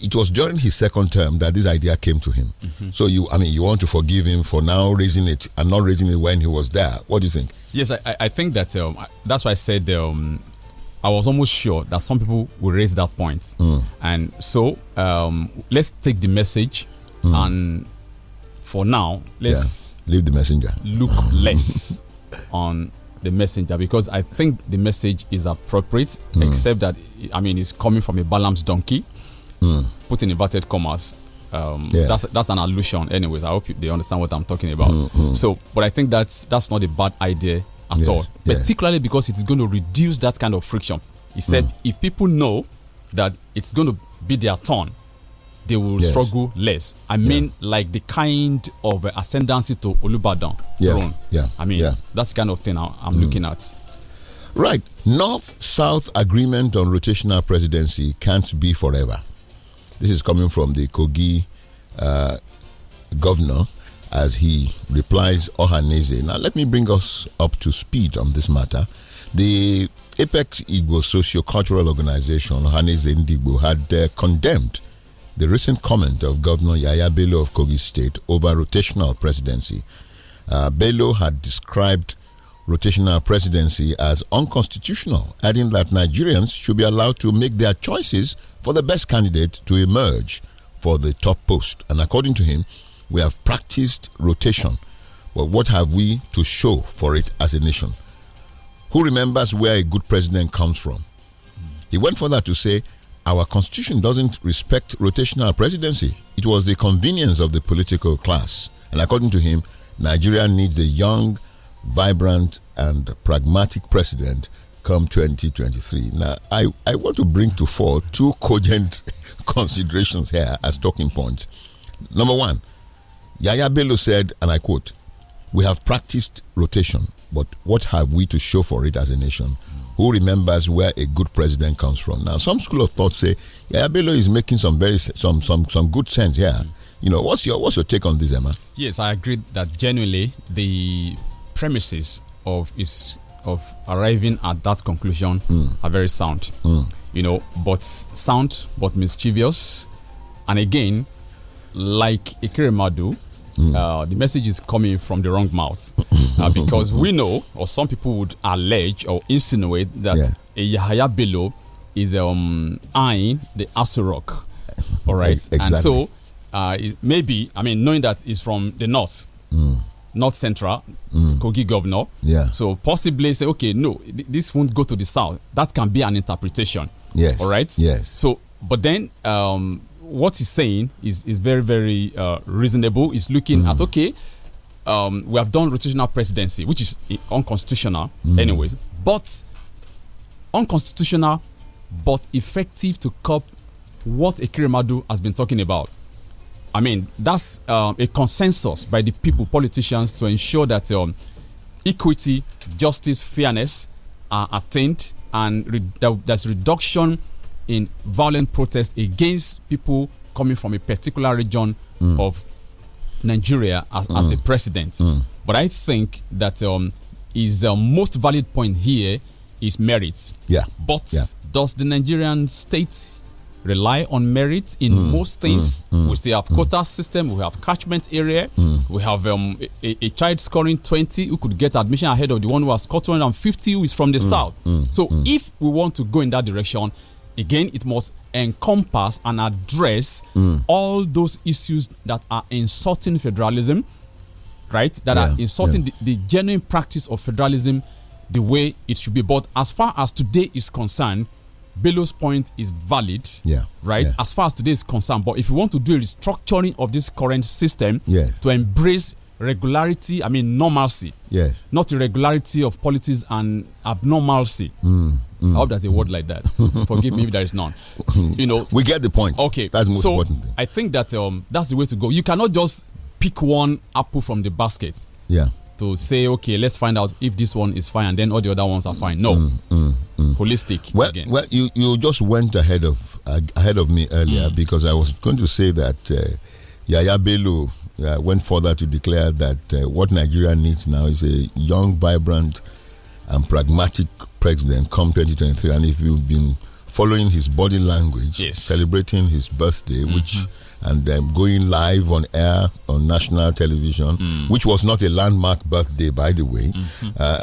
it was during his second term that this idea came to him. Mm -hmm. So you, I mean, you want to forgive him for now raising it and not raising it when he was there. What do you think? Yes, I, I think that um, that's why I said um, I was almost sure that some people will raise that point. Mm. And so um, let's take the message mm. and for now, let's yeah. leave the messenger. Look less on the messenger because I think the message is appropriate, mm. except that I mean it's coming from a balanced donkey mm. put in inverted commas. Um, yeah. That's that's an allusion, anyways. I hope you, they understand what I'm talking about. Mm -hmm. So, but I think that's that's not a bad idea at yes. all, particularly because it's going to reduce that kind of friction. He said mm. if people know that it's going to be their turn, they will yes. struggle less. I mean, yeah. like the kind of ascendancy to Olubadan yeah. throne. Yeah. I mean, yeah. that's the kind of thing I, am mm. looking at. Right. North South agreement on rotational presidency can't be forever. This is coming from the Kogi uh, governor as he replies Ohaneze. Now, let me bring us up to speed on this matter. The Apex Igbo Socio-Cultural Organization, Ohaneze Ndigbo, had uh, condemned the recent comment of Governor Yaya Bello of Kogi State over rotational presidency. Uh, Bello had described rotational presidency as unconstitutional, adding that Nigerians should be allowed to make their choices for the best candidate to emerge for the top post. And according to him, we have practiced rotation. But what have we to show for it as a nation? Who remembers where a good president comes from? He went further to say, Our constitution doesn't respect rotational presidency. It was the convenience of the political class. And according to him, Nigeria needs a young, vibrant, and pragmatic president come 2023. Now, I, I want to bring to fore two cogent considerations here as talking points. Number one, Yaya Bello said, and I quote, We have practiced rotation, but what have we to show for it as a nation? Who remembers where a good president comes from? Now, some school of thought say Yaya Bello is making some very some some some good sense here. You know, what's your what's your take on this, Emma? Yes, I agree that genuinely the premises of his of arriving at that conclusion mm. are very sound. Mm. You know, but sound, but mischievous. And again, like Ikiremadu, mm. Uh, the message is coming from the wrong mouth. Uh, because we know, or some people would allege or insinuate that yeah. a Yahya Bello is um, eyeing the Asurok. All right. Exactly. And so, uh, maybe, I mean, knowing that from the north. Mm. North Central, mm. Kogi governor. Yeah. So possibly say, okay, no, this won't go to the south. That can be an interpretation. Yes. All right. Yes. So, but then um, what he's saying is is very very uh, reasonable. He's looking mm. at okay, um, we have done rotational presidency, which is eh, unconstitutional, mm. anyways. But unconstitutional, but effective to cope what Ekirimadu has been talking about. I mean, that's uh, a consensus by the people, politicians, to ensure that um, equity, justice, fairness are attained and re there's reduction in violent protest against people coming from a particular region mm. of Nigeria as, mm. as the president. Mm. But I think that um, his uh, most valid point here is merit. Yeah. But yeah. does the Nigerian state rely on merit in mm, most hmm. things. Mm, we still have hmm. quota system, we have catchment area, hmm. we have um, a, a, child scoring 20 who could get admission ahead of the one who has scored 250 who is from the south. so if we want to go in that direction, again, it must encompass and address all those issues that are insulting federalism, right? That yeah, are insulting yeah. the, the genuine practice of federalism the way it should be. But as far as today is concerned, Bellows point is valid, yeah, right, yeah. as far as today is concerned. But if you want to do a restructuring of this current system yes. to embrace regularity, I mean normalcy, yes, not irregularity of politics and abnormalcy. Mm, mm, I hope there's a mm. word like that. Forgive me if there is none. You know, we get the point. Okay, that's most so important. Thing. I think that um, that's the way to go. You cannot just pick one apple from the basket. Yeah to say, okay, let's find out if this one is fine and then all the other ones are fine. No, mm, mm, mm. holistic. Well, again. well, you you just went ahead of uh, ahead of me earlier mm. because I was going to say that uh, Yaya Bello uh, went further to declare that uh, what Nigeria needs now is a young, vibrant, and pragmatic president come 2023. And if you've been following his body language, yes. celebrating his birthday, -hmm. which mm-hmm and um, going live on air on national television, mm. which was not a landmark birthday, by the way. Mm -hmm. uh,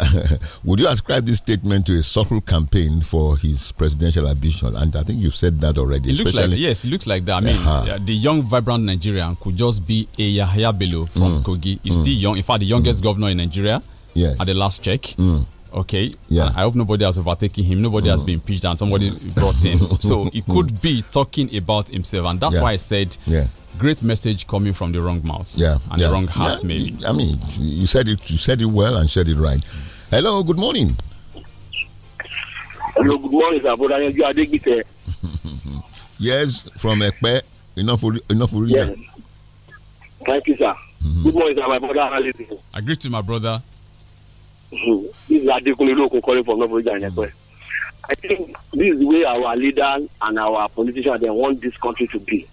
would you ascribe this statement to a subtle campaign for his presidential ambition? And I think you've said that already. It looks like yes, it looks like that. I mean, uh-huh. uh -huh. the young, vibrant Nigerian could just be a Yahya Bello from mm. Kogi. He's mm. still young. In fact, the youngest mm. governor in Nigeria. Yes. At the last check mm. Okay. Yeah. I hope nobody has overtaken him. Nobody mm. has been impeached and somebody brought in. So he could mm. be talking about himself. And that's yeah. why I said yeah. great message coming from the wrong mouth. Yeah. And yeah. the wrong heart, maybe. I mean, you said it you said it well and said it right. Hello, good morning. Hello, good morning, sir. Brother Yes, from Ekpe. Enough, enough, Yeah. Thank you, sir. Mm -hmm. Good morning, sir. My brother, I greet you, my brother. Adekunle calling from I think this is the way our leaders and our politicians they want this country to be.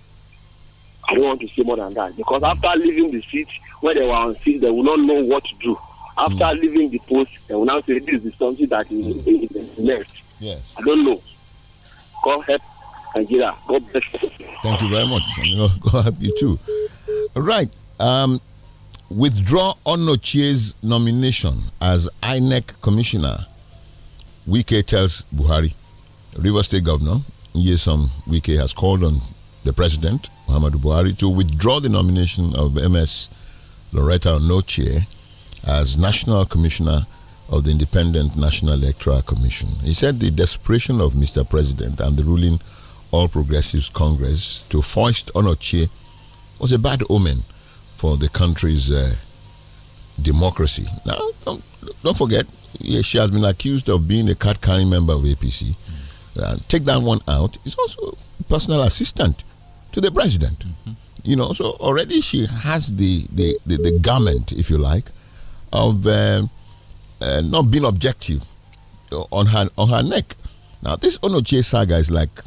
I don't want to say more than that because after leaving the seat where they were on seat, they will not know what to do. After mm. leaving the post, they will now say this is something that is, mm. left. Yes. I don't know. God help Nigeria. God bless. Thank you very much. God help you too. All right. Um, withdraw Onochie's nomination as INEC commissioner, Wike tells Buhari. River State Governor Yesom Wike has called on the President, Muhammadu Buhari, to withdraw the nomination of MS Loretta Onochie as National Commissioner of the Independent National Electoral Commission. He said the desperation of Mr. President and the ruling All Progressives Congress to foist Onochie was a bad omen for the country's uh, democracy. Now, don't, don't, forget, she has been accused of being a card carrying member of APC. Mm. Uh, take that one out. It's also personal assistant to the president. Mm -hmm. You know, so already she has the, the, the, the garment, if you like, of uh, uh, not being objective on her on her neck. Now, this Onoche saga is like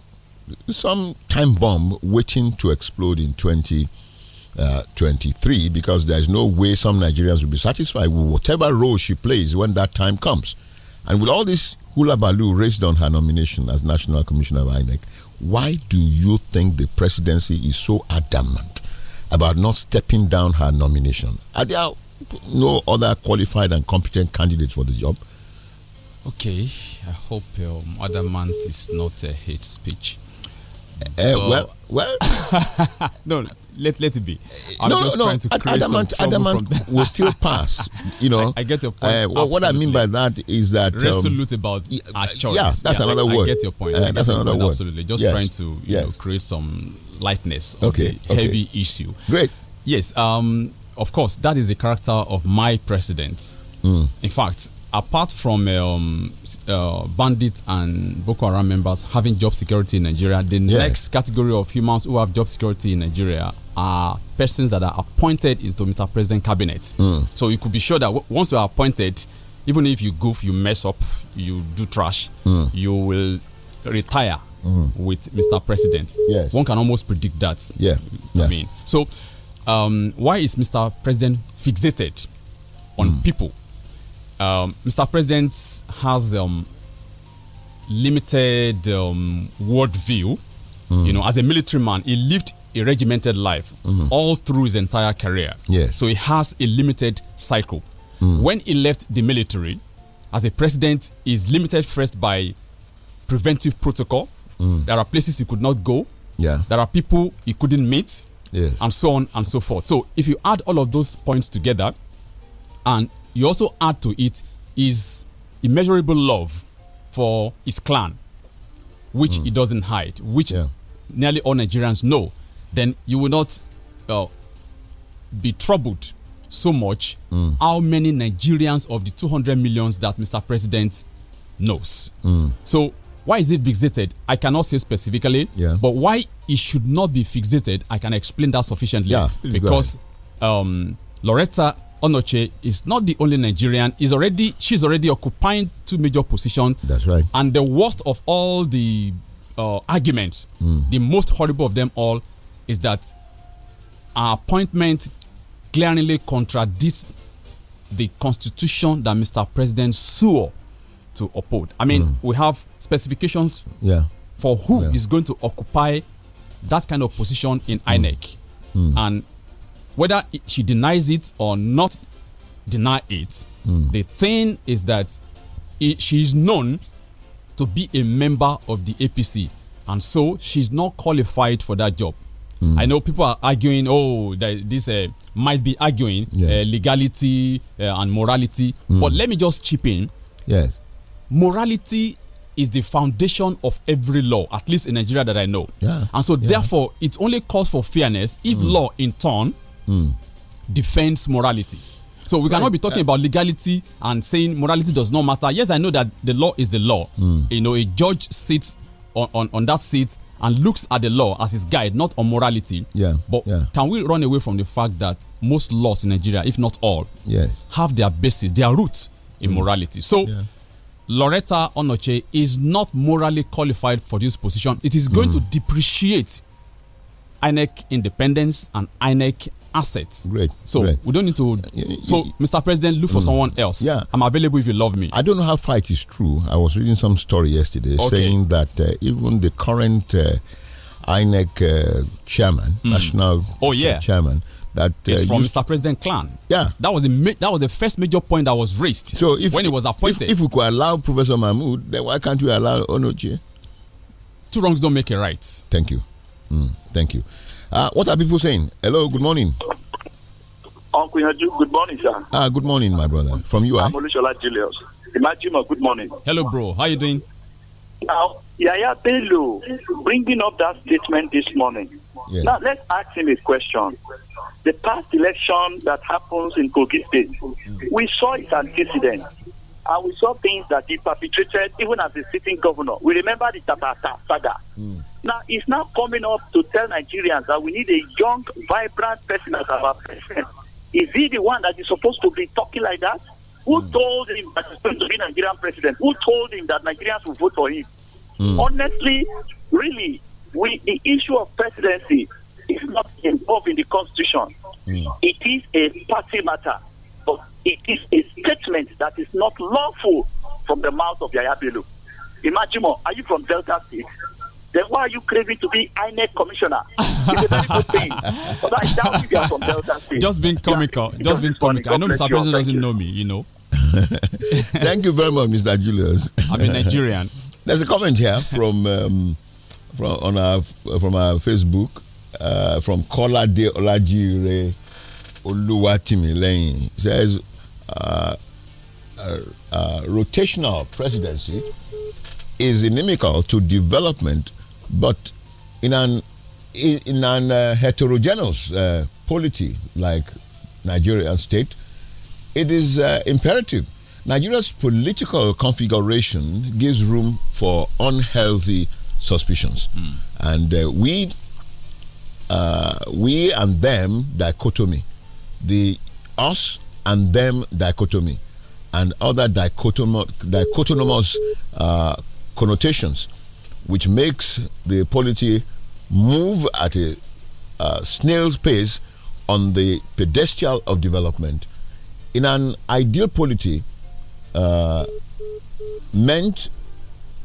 some time bomb waiting to explode in 2020. Uh, 23 because there's no way some Nigerians will be satisfied with whatever role she plays when that time comes. And with all this hula baloo raised on her nomination as National Commissioner of INEC, why do you think the presidency is so adamant about not stepping down her nomination? Are there no other qualified and competent candidates for the job? Okay, I hope um, adamant is not a hate speech. Uh, well, well. no, let let it be. I'm no, just no, trying to no. create Adamant, some Adamant will still pass. You know, I, I get your point. Uh, eh, well, what I mean by that is that um, resolute about our choice. Yeah, that's yeah, another I, word. I get your point. Uh, that's another point, word. Absolutely, just yes. trying to you yes. know create some lightness okay, the okay. heavy issue. Great. Yes. Um. Of course, that is the character of my president. Mm. In fact, apart from um, uh, bandits and Boko Haram members having job security in Nigeria, the yes. next category of humans who have job security in Nigeria are persons that are appointed is to Mr. President cabinet. Mm. So you could be sure that once you are appointed, even if you goof, you mess up, you do trash, mm. you will retire mm. with Mr. President. Yes. One can almost predict that. Yeah. yeah. I mean, so um, why is Mr. President fixated on hmm. people? Um, Mr. President has um, limited um, worldview. Hmm. You know, as a military man, he lived a regimented life mm -hmm. all through his entire career. Yes. So he has a limited cycle. Mm. When he left the military, as a president, he's limited first by preventive protocol. Mm. There are places he could not go. Yeah. There are people he couldn't meet. Yes. And so on and so forth. So if you add all of those points together, and you also add to it his immeasurable love for his clan, which mm. he doesn't hide, which yeah. nearly all Nigerians know then you will not uh, be troubled so much mm. how many Nigerians of the 200 millions that Mr. President knows. Mm. So why is it fixated? I cannot say specifically, yeah. but why it should not be fixated, I can explain that sufficiently. Yeah, because um, Loretta Onoche is not the only Nigerian. Is already she's already occupying two major positions. That's right. And the worst of all the uh, arguments, mm. the most horrible of them all, is that our appointment clearly contradicts the constitution that Mr. President swore to uphold. I mean, mm. we have specifications yeah. for who yeah. is going to occupy that kind of position in mm. INEC. Mm. And whether she denies it or not deny it, mm. the thing is that it, she is known to be a member of the APC. And so she's not qualified for that job. Mm. I know people are arguing, oh, this uh, might be arguing yes. uh, legality uh, and morality. Mm. But let me just chip in. Yes. Morality is the foundation of every law, at least in Nigeria that I know. Yeah. And so, yeah. therefore, it only calls for fairness if mm. law, in turn, mm. defends morality. So we right. cannot be talking about legality and saying morality does not matter. Yes, I know that the law is the law. Mm. You know, a judge sits on, on, on that seat and looks at the law as his guide, not on morality. Yeah. But yeah. can we run away from the fact that most laws in Nigeria, if not all, yes. have their basis, their root in mm. morality? So yeah. Loretta Onoche is not morally qualified for this position. It is going mm. to depreciate INEC independence and INEC assets. Great. So great. we don't need to. So, Mr. President, look for mm. someone else. Yeah. I'm available if you love me. I don't know how far it is true. I was reading some story yesterday okay. saying that uh, even the current uh, INEC uh, chairman, mm. national oh, yeah. chairman, that uh, it's from Mr. President Clan. Yeah, that was the that was the first major point that was raised. So if, when he was appointed, if, if, we could allow Professor Mahmoud, then why can't we allow Onoche? Two wrongs don't make a right. Thank you, mm, thank you. Uh, what are people saying? Hello, good morning. Uncle Yaju, good morning, sir. Ah, good morning, my brother. From you, ah? I'm Julius. Imagine, oh, good morning. Hello, bro. How you doing? Now, Yaya Bello, bringing up that statement this morning. Yes. Now, let's ask him a question. The past election that happens in Kogi State, mm. we saw its antecedents and we saw things that he perpetrated even as a sitting governor. We remember the Tabata saga. Mm. Now, it's now coming up to tell Nigerians that we need a young, vibrant person as our president. Is he the one that is supposed to be talking like that? Who mm. told him that he's going to be Nigerian president? Who told him that Nigerians will vote for him? Mm. Honestly, really, we, the issue of presidency is not involved in the constitution. Mm. It is a party matter. It is a statement that is not lawful from the mouth of Yaya Bello. more. are you from Delta State? Then why are you craving to be INEC commissioner? But I doubt if you are from Delta State. Just being comical. Yeah, just, being comical. I know Mr. President doesn't you. know me, you know. Thank you very much, Mr. Julius. I'm a Nigerian. There's a comment here from um, from on our from our Facebook uh, from Kola De Olajire Lane says uh, uh, uh, rotational presidency is inimical to development, but in an in an uh, heterogeneous uh, polity like Nigerian state, it is uh, imperative. Nigeria's political configuration gives room for unhealthy suspicions, mm. and we we and them dichotomy, the us and them dichotomy and other dichotomous, uh, connotations, which makes the polity move at a uh, snail's pace on the pedestal of development. In an ideal polity, uh, meant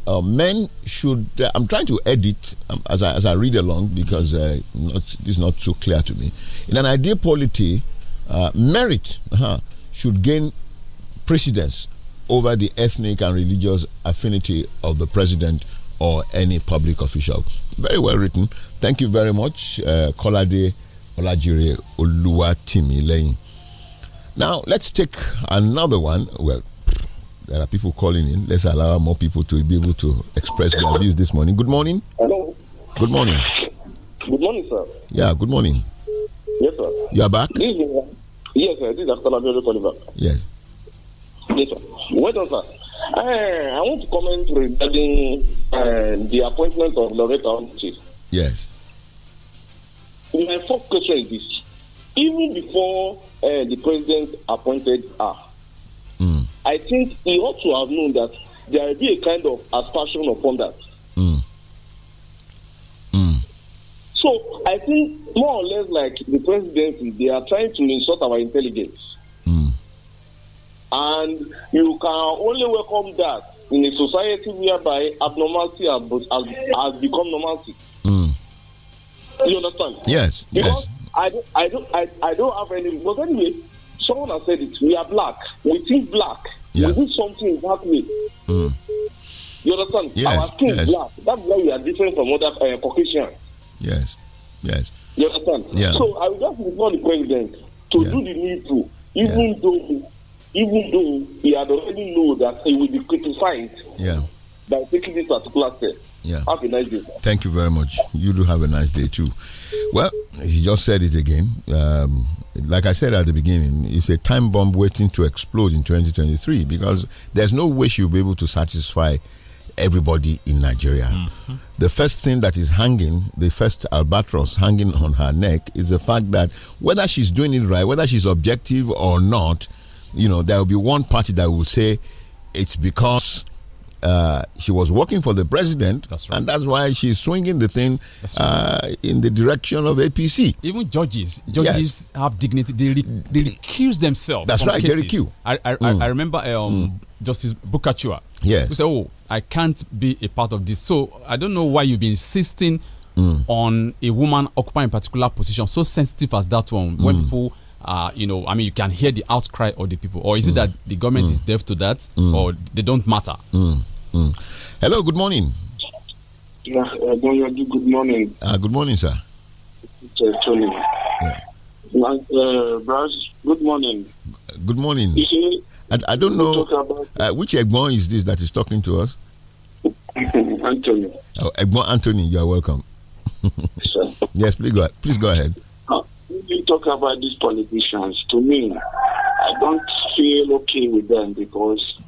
uh, men should. Uh, I'm trying to edit um, as, I, as I read along because uh, not, not so clear to me. In an ideal polity, uh, merit uh, should gain precedence over the ethnic and religious affinity of the president or any public official. Very well written. Thank you very much, uh, Kolade Olajire Oluwatimileyin. Now, let's take another one. Well, there are people calling in. Let's allow more people to be able to express their views this morning. Good morning. Hello. Good morning. Good morning, sir. Yeah, good morning. Yes, sir. You are back? This is, Yes, sir. This is Akalabiodo calling back. Yes. Yes, sir. Wait on, sir. Uh, I want to comment regarding uh, the appointment of Loretta Chief. Yes. My first question is this. Even before uh, the president appointed her, mm. I think he ought to have known that there will be a kind of aspersion upon that. So I think more or less like the presidency, they are trying to insult our intelligence. Mm. And you can only welcome that in a society whereby abnormality has, has become normality. Mm. You understand? Yes. Because yes. I don't, I don't, I, I don't have any. But anyway, someone has said it. We are black. We think black. Yeah. We do something that way. Mm. You understand? Yes, Our skin yes. black. That's why we are different from other uh, Caucasians. Yes. Yes. You understand? Yeah. So I would just implore the president to yeah. do the needful, even yeah. though even though he had already know that he will be criticized yeah. by taking this particular step. Yeah. Have a nice day. Sir. Thank you very much. You do have a nice day too. Well, he just said it again. Um, like I said at the beginning, it's a time bomb waiting to explode in 2023 because there's no way she'll be able to satisfy everybody in Nigeria. Mm -hmm. The first thing that is hanging, the first albatross hanging on her neck, is the fact that whether she's doing it right, whether she's objective or not, you know, there will be one party that will say it's because uh, she was working for the president, that's right. and that's why she's swinging the thing uh, right. uh, in the direction of APC. Even judges, judges yes. have dignity. They, re they recuse themselves. That's right. Cases. They recuse. I I, mm. I remember um, mm. Justice Bukachua. Yes. Who said, "Oh, I can't be a part of this. So I don't know why you've been insisting mm. on a woman occupying a particular position so sensitive as that one mm. when people uh, you know, I mean, you can hear the outcry of the people, or is it mm. that the government is mm. deaf to that, mm. or they don't matter? Hello, good morning. Yeah, uh, good morning. Uh, good morning, sir. Uh, Tony. Yeah. Uh, good morning. Good morning. You see, I, I don't know uh, which Egbon is this that is talking to us. Anthony. Oh, Egbon Anthony, you are welcome. yes, please go. Please go ahead. Uh, you talk about these politicians. To me, I don't feel okay with them because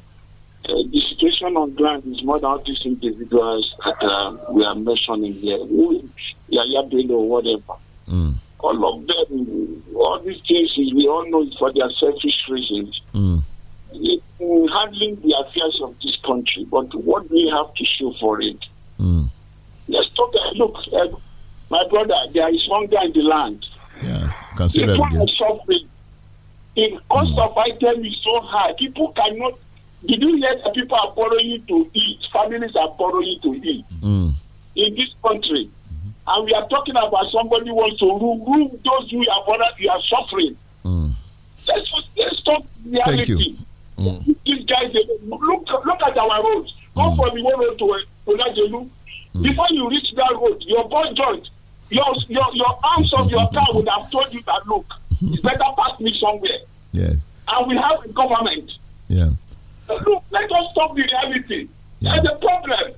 uh, the situation on ground is more than these individuals that uh, we are mentioning here, who Yaya Bello or whatever. Mm. All of them, all these cases, we all know for their selfish reasons handling the affairs of this country, but what do we have to show for it? Mm. Let's talk. Uh, look, uh, my brother, there is hunger in the land. Yeah, consider People that are suffering. The cost mm. of item is so high. People cannot. Did you hear that people are borrowing to eat? Families are borrowing to eat mm. in this country. And we are talking about somebody wants to rule, rule those who are, are suffering. Hmm. Let's, let's talk reality. Thank you. Mm. These guys, look look at our roads. Go mm. from Iwo Road to uh, Olajelu. Mm. Before you reach that road, your bone joint, your your your arms of your car would have told you that look, it's mm. better pass me somewhere. Yes. And we have a government. Yeah. Uh, look, let us stop the reality. Yeah. There's a problem.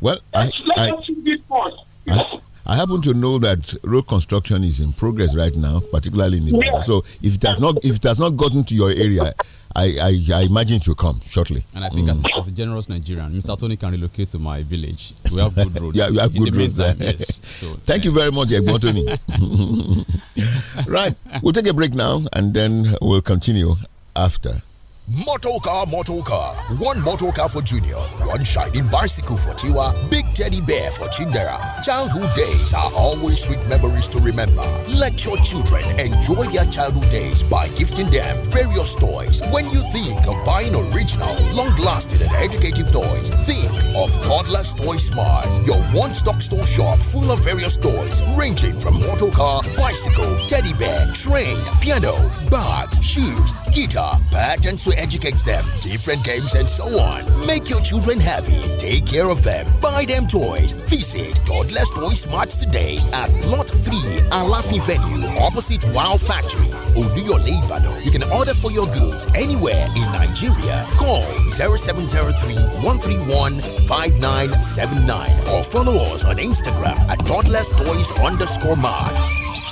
Well, Let's, I, let I, us see this first. I, I happen to know that road construction is in progress right now, particularly in the yeah. So if it has not if it has not gotten to your area, I, I, I imagine it will come shortly. And I think mm. as, a, as, a, generous Nigerian, Mr. Tony can relocate to my village. We have good roads. yeah, we have good roads. Meantime, yes. so, Thank yeah. you very much, Egbon Tony. right, we'll take a break now and then we'll continue after. Motor car, motor car. One motor car for Junior, one shining bicycle for Tiwa, big teddy bear for Chindera. Childhood days are always sweet memories to remember. Let your children enjoy their childhood days by gifting them various toys. When you think of buying original, long lasting, and educative toys, think of Toddler's Toy Smart, your one stock store shop full of various toys ranging from motor car, bicycle, teddy bear, train, piano, bags, shoes, guitar, pet, and so educate them, different games, and so on. Make your children happy, take care of them, buy them toys. Visit Godless Toy Smarts today at Plot 3 Alafin Venue, opposite Wow Factory, Oluyole, Ibadan. You can order for your goods anywhere in Nigeria. Call 0703 131 5979 or follow us on Instagram at Godless Toys underscore Marks.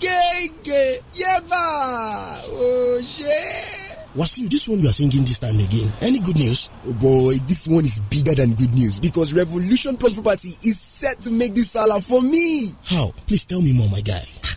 gé gègé yébà òṣè. Wasim, this one you are singing this time again. Any good news? Oh boy, this one is bigger than good news because Revolution Plus Property is set to make this salah for me. How? Please tell me more, my guy. Ah,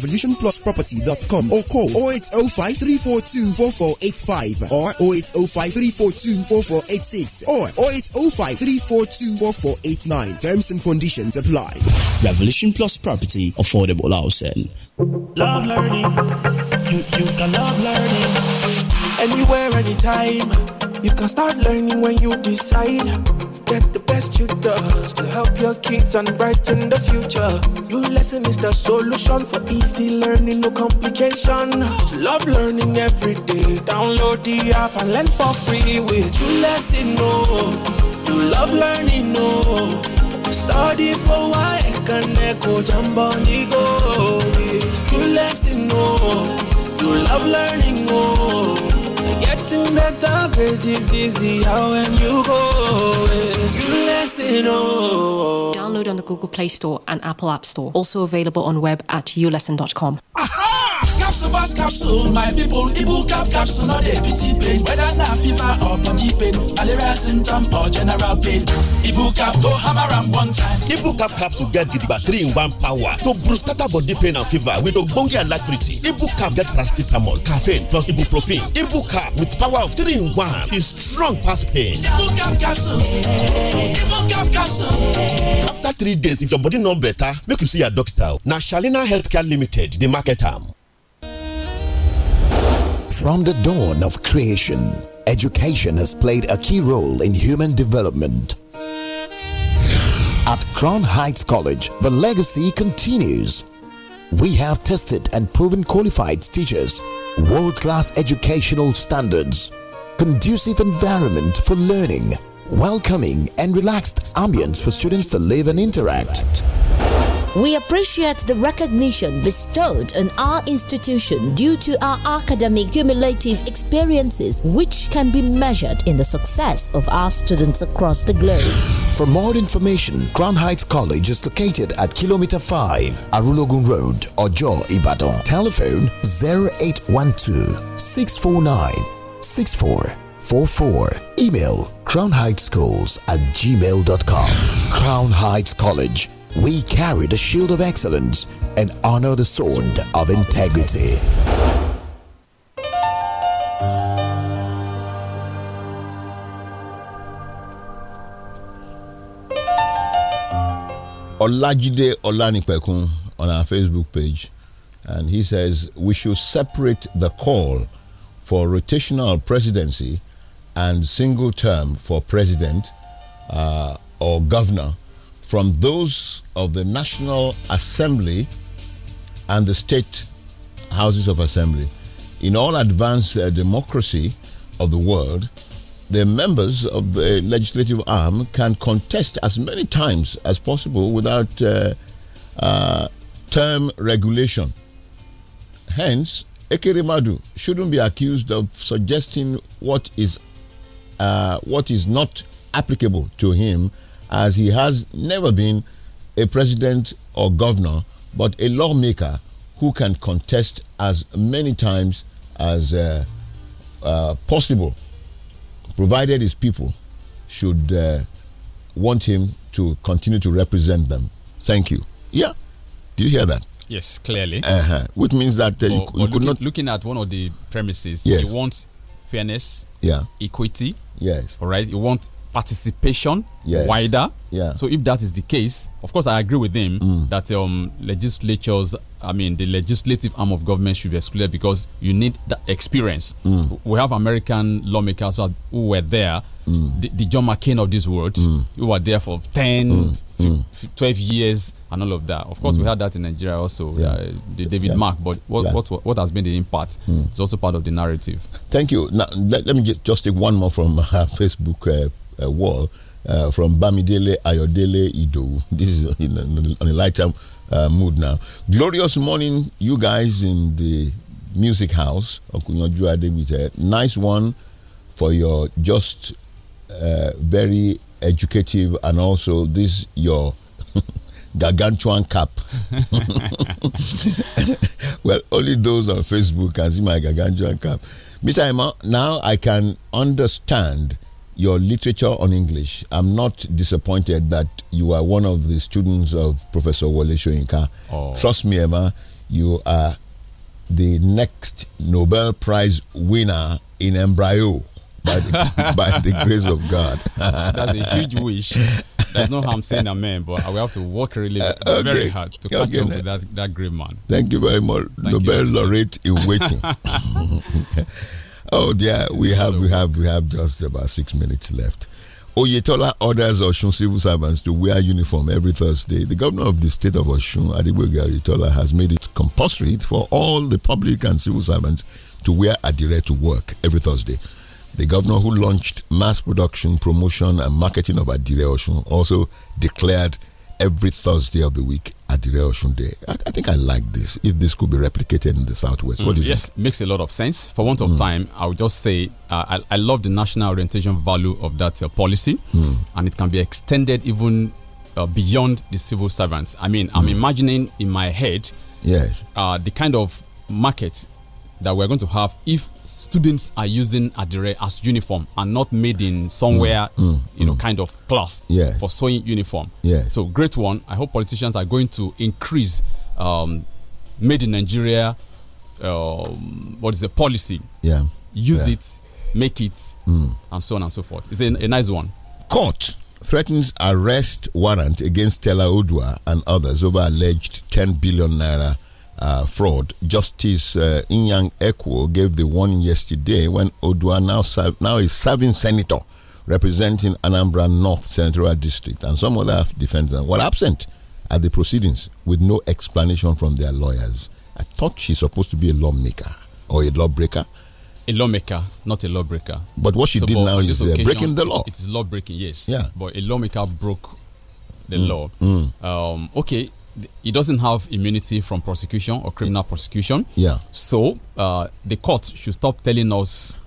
revolutionplusproperty.com or call 0805 342 4485 or 0805 342 4486 or 0805 342 4489. Terms and conditions apply. Revolution Plus Property Affordable Housing. Love learning. You, you can love learning. Anywhere, anytime you can start learning when you decide. Get the best you does to help your kids and brighten the future. Your lesson is the solution for easy learning, no complication. To love learning every day. Download the app and learn for free with your lesson. No, you love learning. No, study for why I can echo jambonigo. Your lesson. No, you love learning. No. Getting better grace is easier when you go away. You lesson oh. Download on the Google Play Store and Apple App Store. Also available on web at ulesson.com. Aha! capsule pass capsule my people igbu cap capsule no dey pity pain whether na fever or body pain malaria symptom or general pain igbu cap go hammer am one time. igbu cap capsule get gidigba three in one power to boost scatter body pain and fever with ogbonge and light cap get paracetamol caffeine plus ibuprofen. igbu cap with power of three in one is strong pass pain. igbu cap capsule igbu cap capsule. after three days if your body no better make you see your doctor na shalina healthcare limited dey market am. From the dawn of creation, education has played a key role in human development. At Crown Heights College, the legacy continues. We have tested and proven qualified teachers, world class educational standards, conducive environment for learning, welcoming and relaxed ambience for students to live and interact. We appreciate the recognition bestowed on our institution due to our academic cumulative experiences, which can be measured in the success of our students across the globe. For more information, Crown Heights College is located at Kilometer 5, Arulogun Road, Ojo, Ibadan. Telephone 0812 649 6444. Email crownheightschools at gmail.com. Crown Heights College we carry the shield of excellence and honor the sword of integrity. Olajide Olanipekun on our Facebook page, and he says we should separate the call for rotational presidency and single term for president uh, or governor from those of the National Assembly and the state houses of assembly. In all advanced uh, democracy of the world, the members of the legislative arm can contest as many times as possible without uh, uh, term regulation. Hence, Madu shouldn't be accused of suggesting what is uh, what is not applicable to him as he has never been a president or governor, but a lawmaker who can contest as many times as uh, uh, possible, provided his people should uh, want him to continue to represent them. Thank you. Yeah. Do you hear that? Yes, clearly. -huh. Which means that uh, you, you could looking, not. Looking at one of the premises, yes. you want fairness, yeah. equity. Yes. All right. You want participation yes. wider. Yeah. So if that is the case, of course I agree with him mm. that um legislatures, I mean the legislative arm of government should be excluded because you need that experience. Mm. We have American lawmakers who were there, mm. the, the, John McCain of this world, mm. who were there for 10, mm. Mm. 12 years and all of that. Of course, we had that in Nigeria also, yeah. uh, the David yeah. Mark, but what, yeah. what, what has been the impact? It's also part of the narrative. Thank you. Now, let, let me just take one more from uh, Facebook uh, uh, wall uh, from Bamidele Ayodele Ido. This is in, on a lighter uh, mood now. Glorious morning, you guys in the music house. Nice one for your just uh, very educative and also this your gargantuan cap. well, only those on Facebook can see my gargantuan cap. Mr. Emma, now I can understand your literature on English. I'm not disappointed that you are one of the students of Professor Wale Shoyinka. Oh. Trust me, Emma, you are the next Nobel Prize winner in embryo. By the, by the grace of God. That's a huge wish. There's no harm saying amen, but I will have to work really uh, okay. very hard to catch okay. up with that, that great man. Thank you very much. Thank Nobel you. laureate in waiting. oh dear, we have we have we have just about six minutes left. Oyetola orders Oshun civil servants to wear uniform every Thursday. The governor of the state of Oshun, Adibwege Oyetola, has made it compulsory for all the public and civil servants to wear adire to work every Thursday. The governor who launched mass production, promotion, and marketing of adire Oshun also declared every Thursday of the week at the Real Shunde. I, I, think I like this. If this could be replicated in the Southwest, mm, what is yes, it? Yes, makes a lot of sense. For want of mm. time, I would just say uh, I, I, love the national orientation value of that uh, policy, mm. and it can be extended even uh, beyond the civil servants. I mean, I'm mm. imagining in my head, yes, uh, the kind of market that we're going to have if students are using adire as uniform and not made in somewhere, mm, mm, you know, mm. kind of cloth yeah. for sewing uniform. Yeah. So great one. I hope politicians are going to increase um, made in Nigeria. Um, what is the policy? Yeah. Use yeah. it, make it, mm. and so on and so forth. It's a, a nice one. Court threatens arrest warrant against Stella Odua and others over alleged 10 billion naira uh, fraud. Justice uh, Inyang Ekwo gave the warning yesterday when Odua now serve, now is serving senator representing Anambra North Senatorial District and some other defendants were absent at the proceedings with no explanation from their lawyers. I thought she's supposed to be a lawmaker or a lawbreaker. A lawmaker, not a lawbreaker. But what she so did now is uh, occasion, breaking the law. It is law breaking, yes. Yeah. But a lawmaker broke the mm. law. Mm. Um, okay, he doesn't have immunity from prosecution or criminal prosecution. Yeah. So uh, the court should stop telling us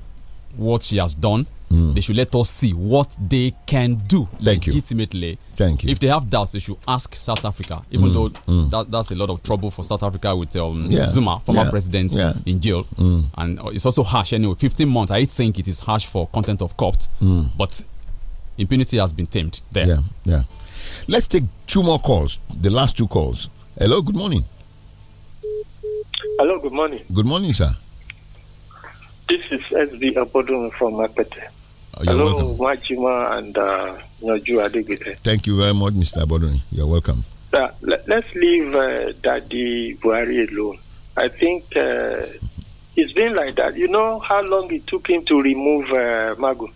what she has done. Mm. They should let us see what they can do Thank legitimately. You. Thank you. If they have doubts, they should ask South Africa. Even mm. though mm. That, that's a lot of trouble for South Africa with um, yeah. Zuma, former yeah. president, yeah. in jail, mm. and uh, it's also harsh. Anyway, 15 months. I think it is harsh for content of court, mm. but impunity has been tamed there. Yeah. Yeah. Let's take two more calls, the last two calls. Hello, good morning. Hello, good morning. Good morning, sir. This is SB Abodun from Apete. Oh, Hello, welcome. Majima and uh, Nyoju Thank you very much, Mr. Abodun. You're welcome. Uh, let, us leave uh, Daddy Buhari alone. I think uh, it's been like that. You know how long it took him to remove uh, Mago?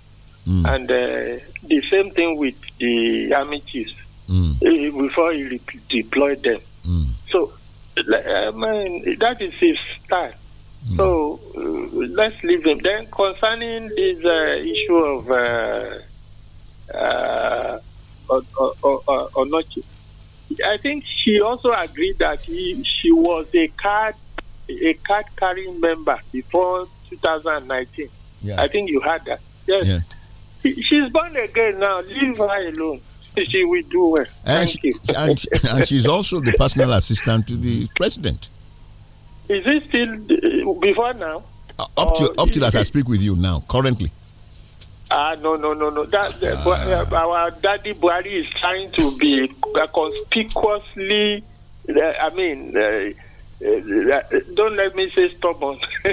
Mm. And uh, the same thing with the army chiefs mm. Eh, before he deployed them. Mm. So, I eh, mean, that is his style. Mm. So, uh, let's leave him. Then, concerning this uh, issue of uh, uh Onochi, I think she also agreed that he, she was a card a card carrying member before 2019. Yeah. I think you had that. Yes. Yeah. She's born again now. Leave her alone she will do well. And, Thank she, you. and, and she's also the personal assistant to the president. Is it still uh, before now? Uh, up to up it, I speak with you now, currently. Ah uh, no no no no! That, uh, ah. our daddy Buhari is trying to be conspicuously. Uh, I mean, uh, don't let me say stubborn,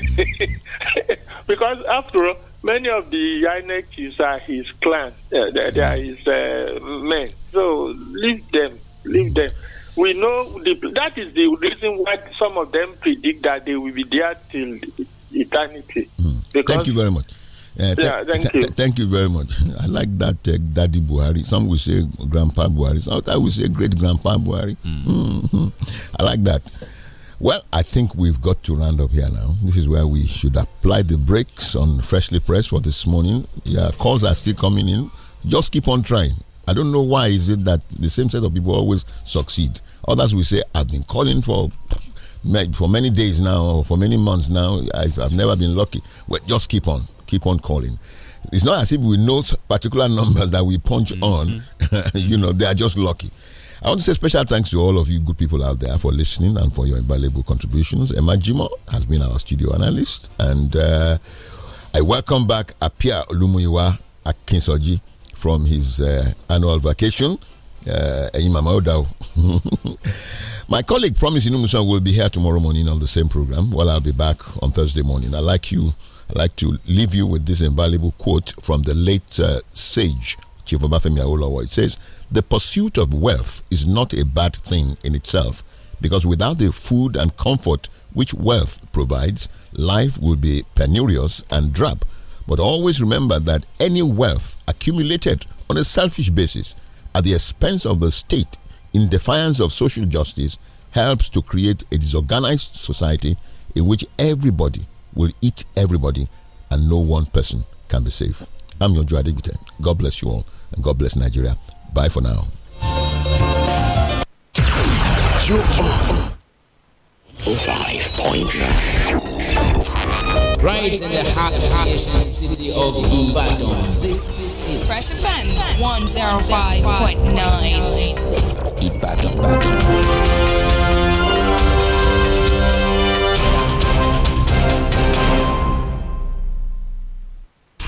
because after all Many of the Yanekis are his clan, uh, they, are his uh, men. So leave them, leave them. We know the, that is the reason why some of them predict that they will be there till eternity. Mm. Thank you very much. Uh, yeah, thank you. thank you very much. I like that uh, Daddy Buhari. Some will say Grandpa Buhari. Some will say Great Grandpa Buhari. Mm. Mm -hmm. I like that. Well, I think we've got to round up here now. This is where we should apply the brakes on Freshly Pressed for this morning. Yeah, calls are still coming in. Just keep on trying. I don't know why is it that the same set of people always succeed. Others will say, I've been calling for for many days now, for many months now. I've, I've never been lucky. Well, just keep on. Keep on calling it's not as if we know particular numbers that we punch mm -hmm. on. you know, they are just lucky. I want to say special thanks to all of you good people out there for listening and for your invaluable contributions. Emma Jimo has been our studio analyst, and uh, I welcome back Apia Olumuyiwa Akinsoji from his uh, annual vacation. Uh, My colleague Promise Inumusan will be here tomorrow morning on the same program, while I'll be back on Thursday morning. I like you. I like to leave you with this invaluable quote from the late uh, sage Chief Obafemi Awolowo. It says the pursuit of wealth is not a bad thing in itself because without the food and comfort which wealth provides, life will be penurious and drab. But always remember that any wealth accumulated on a selfish basis at the expense of the state in defiance of social justice helps to create a disorganized society in which everybody will eat everybody and no one person can be safe. I'm your Yonjo Adegbite. God bless you all, and God bless Nigeria. Bye for now. You are Right in the heart of the city of Ibadan. Fresh offense 105.9. Ibadan. Ibadan.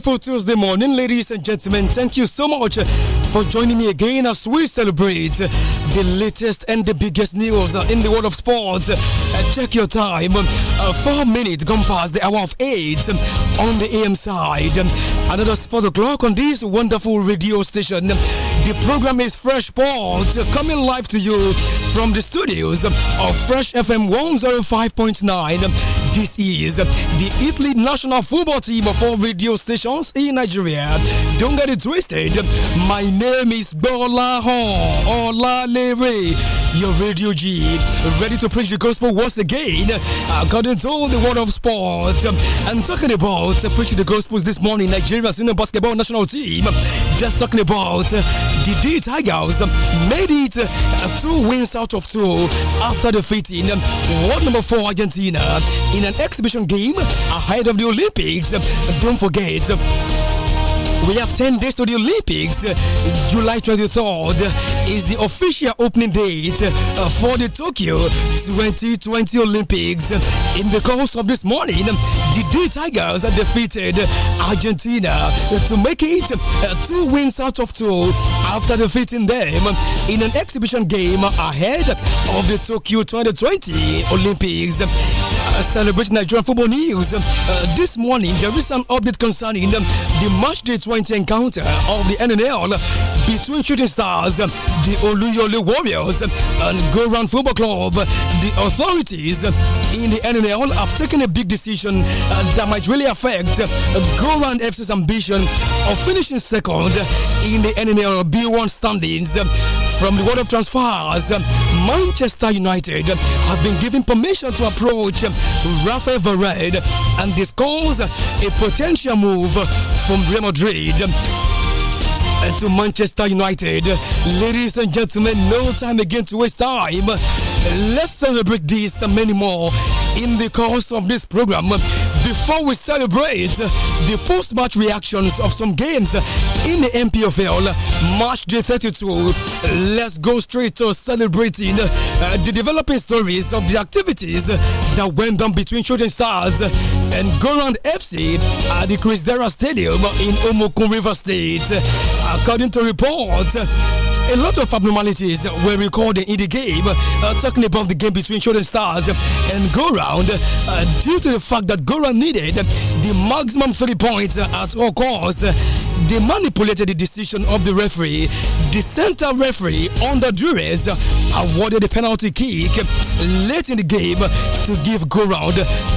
beautiful Tuesday morning, ladies and gentlemen. Thank you so much for joining me again as we celebrate the latest and the biggest news in the world of sports. Uh, check your time. Uh, four minutes gone past the hour of eight on the AM side. Another spot o'clock on this wonderful radio station. The program is Fresh Sports coming live to you from the studios of Fresh FM 105.9. This is the Italy national football team of all radio stations in Nigeria. Don't get it twisted. My name is Bola Hon Olalere your Radio G, ready to preach the gospel once again. according to the world of sport. and talking about preaching the gospels this morning, Nigeria's senior basketball national team. Just talking about the D Tigers made it two wins out of two after defeating world number four Argentina in an exhibition game ahead of the Olympics. don't forget. We have 10 days to the Olympics. July 23rd is the official opening date uh, for the Tokyo 2020 Olympics. In the course of this morning, the D Tigers defeated Argentina to make it uh, two wins out of two after defeating them in an exhibition game ahead of the Tokyo 2020 Olympics uh, celebrating Nigerian football news. Uh, this morning, there is an update concerning um, the match day 20 encounter of the NNL between Shooting Stars, um, the Oluyole Warriors, um, and Goran Football Club. The authorities um, in the NNL have taken a big decision uh, that might really affect uh, Goran FC's ambition of finishing second in the NNL B1 standings from the world of transfers. Manchester United have been given permission to approach Rafael Varane and discuss a potential move from Real Madrid to Manchester United. Ladies and gentlemen, no time again to waste time. Let's celebrate this many more in the course of this program. Before we celebrate the post match reactions of some games in the MPFL, March Day 32, let's go straight to celebrating uh, the developing stories of the activities that went on between Shooting Stars and Goran FC at the Chris Dera Stadium in Omokun River State. According to reports, a lot of abnormalities were recorded in the game, uh, talking about the game between Shooting Stars and Go Round, uh, due to the fact that Go Round needed the maximum three points at all costs. They manipulated the decision of the referee. The center referee, under duress, awarded a penalty kick late in the game to give Go Round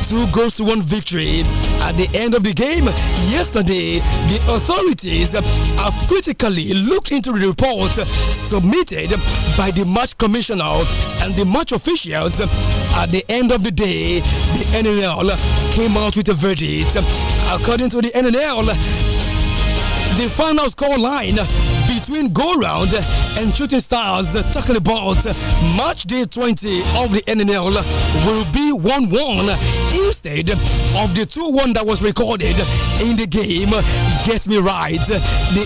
two goals to one victory. At the end of the game yesterday, the authorities have critically looked into the report submitted by the match commissioner and the match officials. At the end of the day, the NNL came out with a verdict. According to the NNL, the final score line between go round and shooting stars talking about match day 20 of the NNL will be 1 1 instead of the 2 1 that was recorded in the game. Get me right, the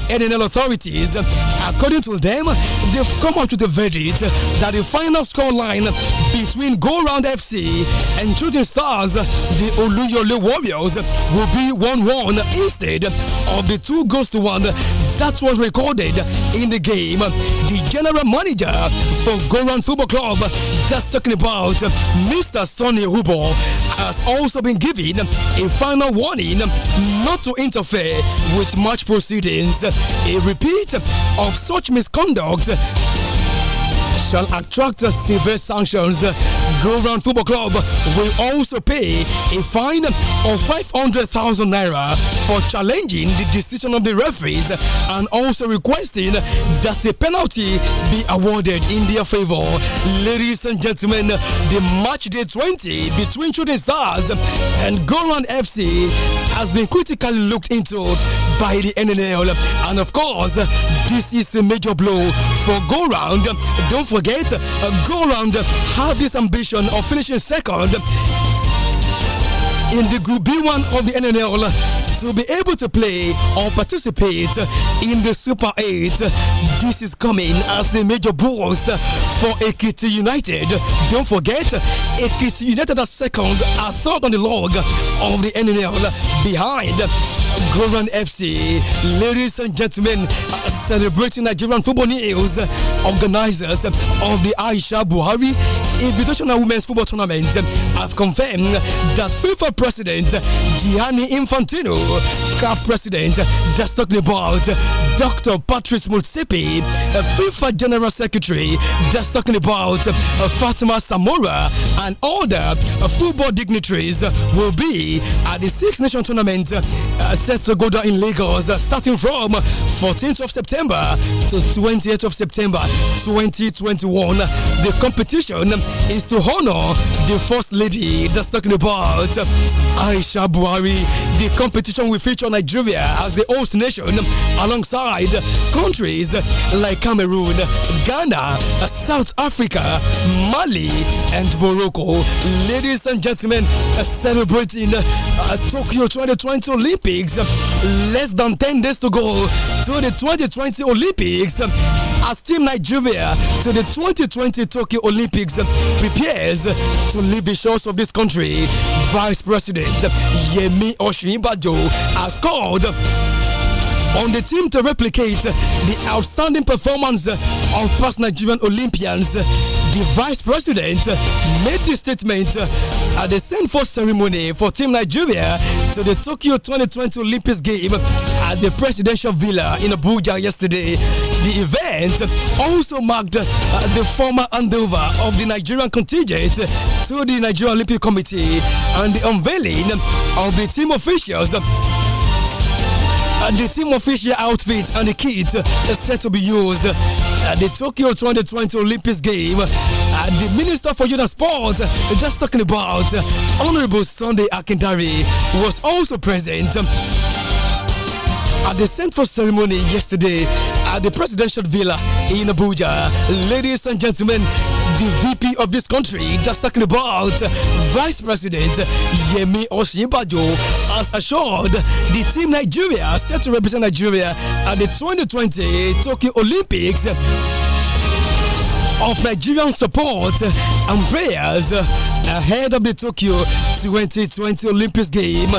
NNL authorities, according to them, they've come up with a verdict that the final score line between go round FC and shooting stars, the Oluyole Warriors, will be 1 1 instead of the 2 goes to 1 that was recorded in the game. The general manager for Goran Football Club, just talking about Mr. Sonny Hubo, has also been given a final warning not to interfere with match proceedings. A repeat of such misconduct shall attract severe sanctions Girl Round Football Club will also pay a fine of 500,000 naira for challenging the decision of the referees and also requesting that a penalty be awarded in their favor. Ladies and gentlemen, the match day 20 between Shooting Stars and Girl Round FC has been critically looked into by the NNL. And of course, this is a major blow for Go Round. Don't forget, uh, Go Round have this ambition of finishing second in the Group B1 of the NNL to be able to play or participate in the Super 8. This is coming as a major boost for Ekiti United. Don't forget, Ekiti United are second, are third on the log of the NNL behind Goran FC. Ladies and gentlemen, celebrating Nigerian football news, organizers of the Aisha Buhari Invitational Women's Football Tournament have confirmed that FIFA President Gianni Infantino, CAF President Dastok Lebault, Dr. Patrice Mutsipi, FIFA General Secretary, just talking about Fatima Samora and other football dignitaries will be at the Six Nation Tournament uh, set to go down in Lagos starting from 14th of September to 28th of September 2021. The competition is to honor the First Lady that's talking about Aisha Buhari, the competition will feature Nigeria as the host nation alongside countries like Cameroon, Ghana, South Africa, Mali, and Morocco. Ladies and gentlemen, celebrating uh, Tokyo 2020 Olympics, less than 10 days to go to the 2020 Olympics as Team Nigeria to the 2020 Tokyo Olympics prepares to leave the shores of this country. Vice President Yemi Oshi Chinibajo has called on the team to replicate the outstanding performance of past Nigerian Olympians. The vice president made the statement at the send for ceremony for Team Nigeria to the Tokyo 2020 Olympics game at the presidential villa in Abuja yesterday. The event also marked uh, the former handover of the Nigerian contingent to the Nigeria Olympic Committee and the unveiling of the team officials and the team official outfit and the kit is set to be used at the Tokyo 2020 Olympics game. and the Minister for Youth and Sport, just talking about Honorable Sunday Akindari, was also present at the central ceremony yesterday at the presidential villa in Abuja. Ladies and gentlemen, the VP of this country, just talking about Vice President Yemi Osinbajo, has assured the team Nigeria set to represent Nigeria at the 2020 Tokyo Olympics of Nigerian support and prayers ahead of the Tokyo 2020 Olympics game.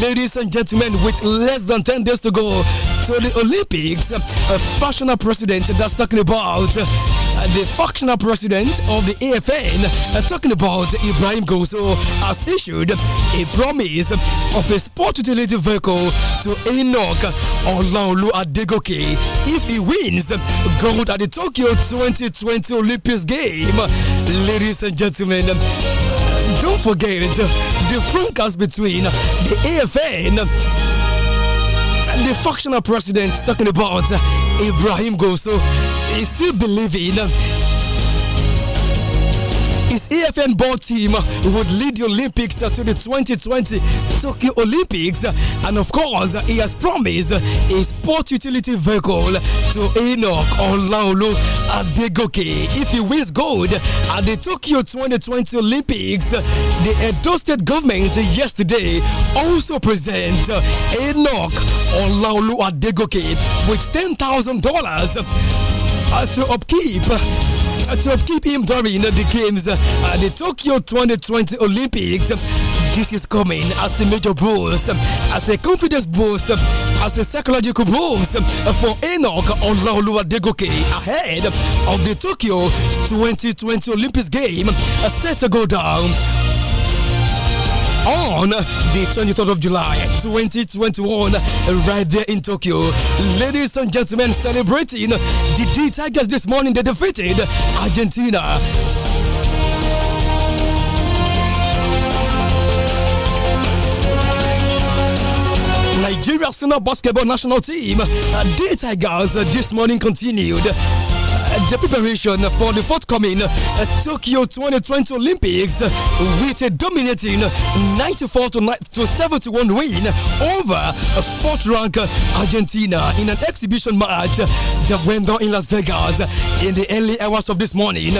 Ladies and gentlemen, with less than 10 days to go to the Olympics, a fashioner president that's talking about the functional president of the AFN, uh, talking about Ibrahim Goso, has issued a promise of a sport utility vehicle to Enoch Olaolu Adegoke if he wins gold at the Tokyo 2020 Olympics game. Ladies and gentlemen, don't forget the fracas between the AFN the functional president talking about Ibrahim Goso is still believing his EFN ball team would lead the Olympics to the 2020 Tokyo Olympics. And of course, he has promised a sport utility vehicle to Enoch Olaolu Adegoke. If he wins gold at the Tokyo 2020 Olympics, the Edo State government yesterday also present Enoch Olaolu Adegoke with $10,000 to upkeep to keep him during the games at uh, the Tokyo 2020 Olympics. This is coming as a major boost, as a confidence boost, as a psychological boost for Enoch Olaoluwa Degoke ahead of the Tokyo 2020 Olympics game uh, set to go down on the 23rd of July 2021 right there in Tokyo. Ladies and gentlemen, celebrating the D Tigers this morning, they defeated Argentina. Nigeria's senior basketball national team, D Tigers, this morning continued the preparation for the forthcoming uh, Tokyo 2020 Olympics with a dominating 94 to 71 win over uh, fourth ranked Argentina in an exhibition match that went down in Las Vegas in the early hours of this morning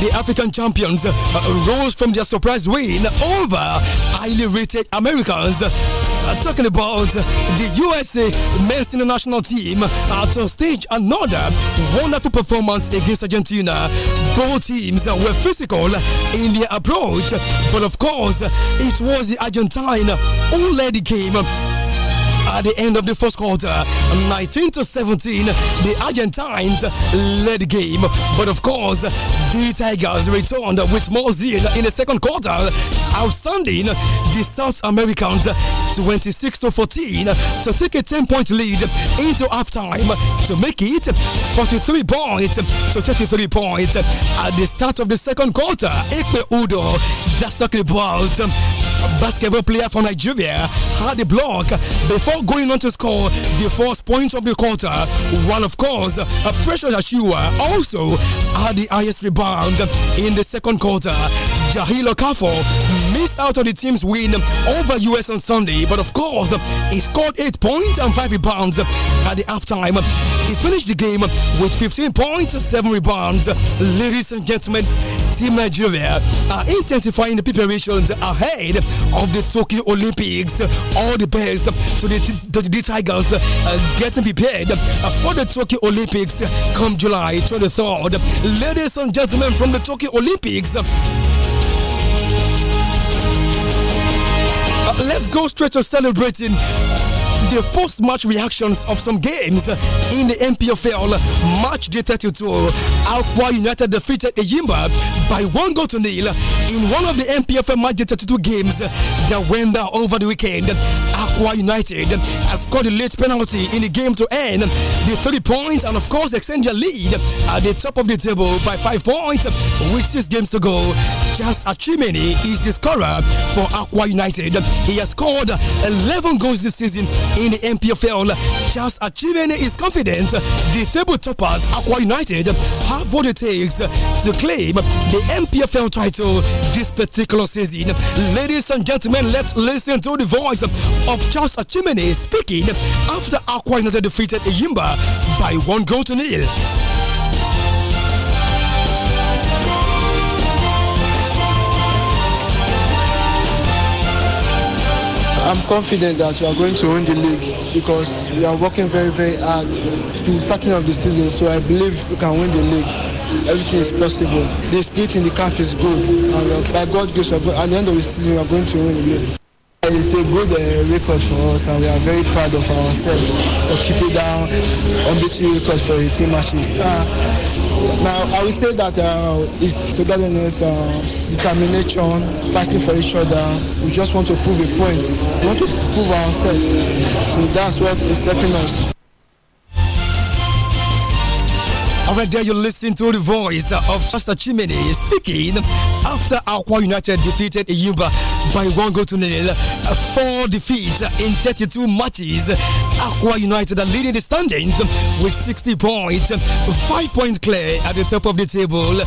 the African champions uh, rose from their surprise win over highly rated Americans. Uh, talking about the USA men's international team uh, to stage another wonderful performance against Argentina. Both teams uh, were physical in their approach, but of course, it was the Argentine who led the game at the end of the first quarter. 19 to 17, the Argentines led the game. But of course, the Tigers returned with more zeal in the second quarter, outstanding the South Americans 26 to 14 to take a 10 point lead into halftime to make it 43 points to 33 points at the start of the second quarter. Ekpe Udo just talking about basketball player from Nigeria had a block before going on to score the first point of the quarter. While, of course, a Precious Ashua also had the highest rebound in the second quarter. Jahilo Okafor missed out on the team's win over US on Sunday, but of course, he scored 8 points and 5 rebounds at the halftime. He finished the game with 15 points, 7 rebounds. Ladies and gentlemen, Team Nigeria are intensifying the preparations ahead of the Tokyo Olympics. All the best to the, to the Tigers uh, getting prepared for the Tokyo Olympics come July 23rd. Ladies and gentlemen, from the Tokyo Olympics, let's go straight to celebrating the post match reactions of some games in the MPFL match day 32. Aqua United defeated Zimbabwe by one goal to nil in one of the MPFL match day 32 games that went down over the weekend. Aqua United has scored a late penalty in the game to end the three points and, of course, extend their lead at the top of the table by five points with six games to go. Just Achimene is the scorer for Aqua United. He has scored 11 goals this season in the MPFL. Charles Achimene is confident the table toppers Aqua United have what it takes to claim the MPFL title this particular season. Ladies and gentlemen, let's listen to the voice of Charles Achimene speaking after Aqua United defeated Yimba by one goal to nil. I'm confident that we are going to win the league because we are working very, very hard since the starting of the season. So I believe we can win the league. Everything is possible. The spirit in the camp is good. And uh, by God's grace, at the end of the season, we are going to win the league. It's a good uh, record for us, and we are very proud of ourselves for keeping down unbeaten record for 18 matches. Uh, now, I would say that uh, it's togetherness, uh, determination, fighting for each other. We just want to prove a point. We want to prove ourselves. So that's what is helping us. All right, there you listen to the voice of Chester Chimene speaking after Aqua United defeated Yuba by one goal to nil. Four defeats in 32 matches. Aqua United are leading the standings with 60 points, five points clear at the top of the table.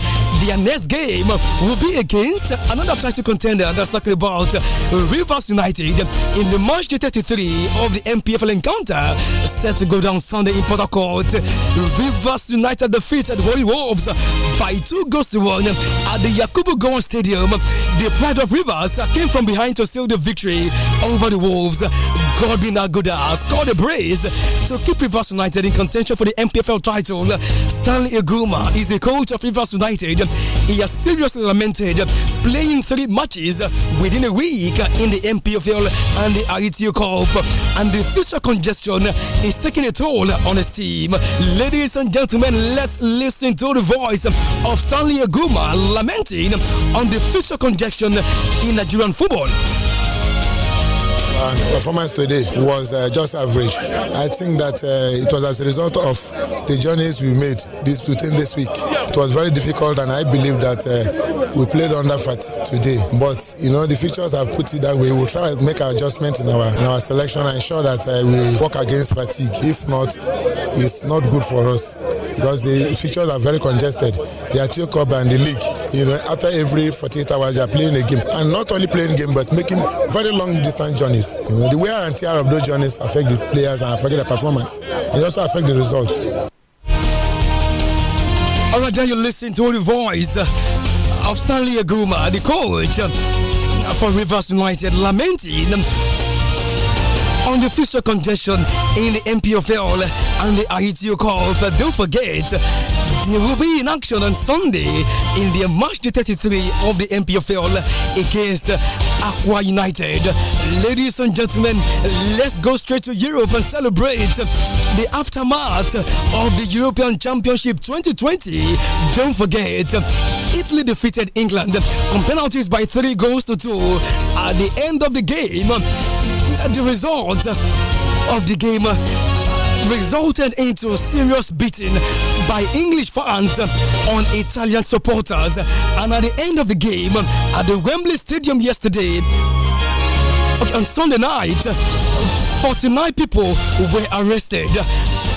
Their next game will be against another title contender that's talking about Rivers United in the March 33 of the MPFL encounter set to go down Sunday in Port Court. Rivers United defeated Warri Wolves by two goals to one at the Yakubu Gowon Stadium. The pride of Rivers came from behind to seal the victory over the Wolves. Godwin Agoda scored a brace to keep Rivers United in contention for the MPFL title. Stanley Iguma is the coach of Rivers United he has seriously lamented playing three matches within a week in the MPFL and the Aritio Cup. And the fixture congestion is taking a toll on his team. Ladies and gentlemen, let's listen to the voice of Stanley Aguma lamenting on the fixture congestion in Nigerian football and performance today was uh, just average. I think that uh, it was as a result of the journeys we made this within this week. It was very difficult, and I believe that uh, we played under fatigue today. But you know, the features have put it that way. We'll try to make adjustment in our in our selection and ensure that uh, we work against fatigue. If not, it's not good for us because the features are very congested. They are two cup and the league. You know, after every 48 hours, you are playing a game, and not only playing game, but making very long distance journeys journeys. You know, the wear and tear of those journeys affect the players and affect their performance. It also affect the results. All right, there you listen to the voice of Stanley Aguma, the coach for Rivers United, lamenting on the fixture congestion in the MPFL and the Aitio Cup. Don't forget he will be in action on Sunday in the match 33 of the MPFL against Aqua United. Ladies and gentlemen, let's go straight to Europe and celebrate the aftermath of the European Championship 2020. Don't forget, Italy defeated England on penalties by three goals to two. At the end of the game, the result of the game resulted into serious beating by English fans on Italian supporters. And at the end of the game at the Wembley Stadium yesterday, okay, on Sunday night, 49 people were arrested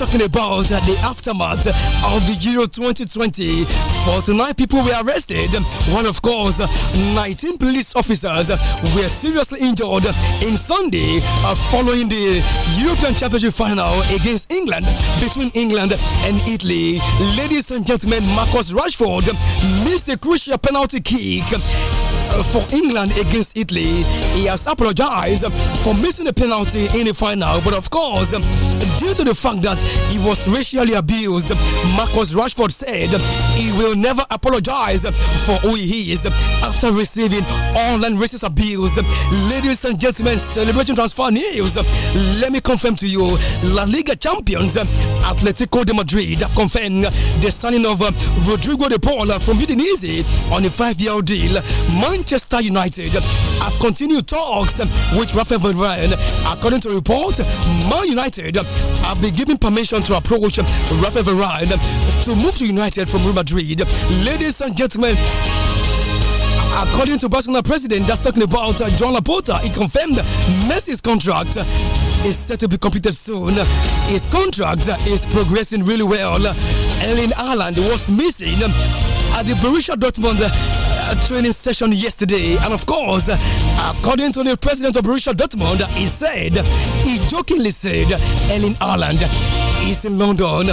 talking about uh, the aftermath of the Euro 2020. 49 people were arrested, One, of course, 19 police officers were seriously injured in Sunday uh, following the European Championship final against England between England and Italy. Ladies and gentlemen, Marcus Rashford missed the crucial penalty kick for England against Italy. He has apologized for missing the penalty in the final, but of course, due to the fact that he was racially abused, Marcus Rashford said he will never apologize for who he is after receiving online racist abuse. Ladies and gentlemen, celebrating transfer news. Let me confirm to you, La Liga champions Atletico de Madrid have confirmed the signing of Rodrigo de Paul from Udinese on a five-year deal. Man Manchester United have continued talks with Rafael Varane. According to reports, Man United have been given permission to approach Rafael Varane to move to United from Real Madrid. Ladies and gentlemen, according to Barcelona president that's talking about uh, John Laporta, he confirmed Messi's contract is set to be completed soon. His contract is progressing really well. Ellen Ireland was missing at the Borussia Dortmund training session yesterday. And of course, according to the president of Borussia Dortmund, he said, he jokingly said, Ellen Ireland is in London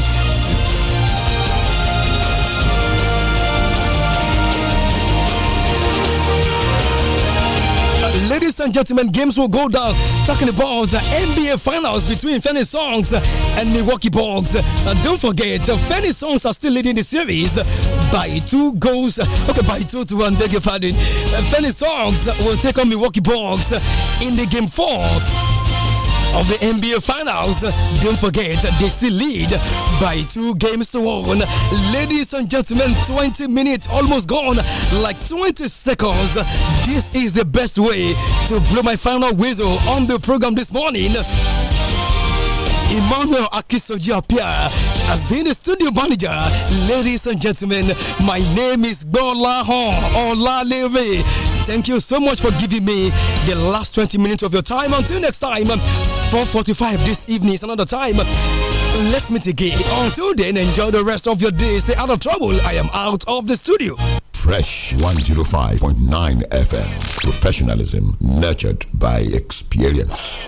Ladies and gentlemen, games will go down. Talking about the uh, NBA finals between Fanny Songs and Milwaukee Bucks. And don't forget, uh, Fanny Songs are still leading the series by two goals. Okay, by two to one, beg your pardon. Uh, Fanny Songs will take on Milwaukee Bucks in the game four of the NBA Finals. Don't forget, they still lead by two games to one. Ladies and gentlemen, 20 minutes almost gone, like 20 seconds. This is the best way to blow my final whistle on the program this morning. Emmanuel Akisoji Apia has been the studio manager. Ladies and gentlemen, my name is Bola Hon Olalere. Thank you so much for giving me the last 20 minutes of your time. Until next time, 4.45 this evening is another time. Let's meet again. Until then, enjoy the rest of your day. Stay out of trouble. I am out of the studio. Fresh 105.9 FM. Professionalism nurtured by experience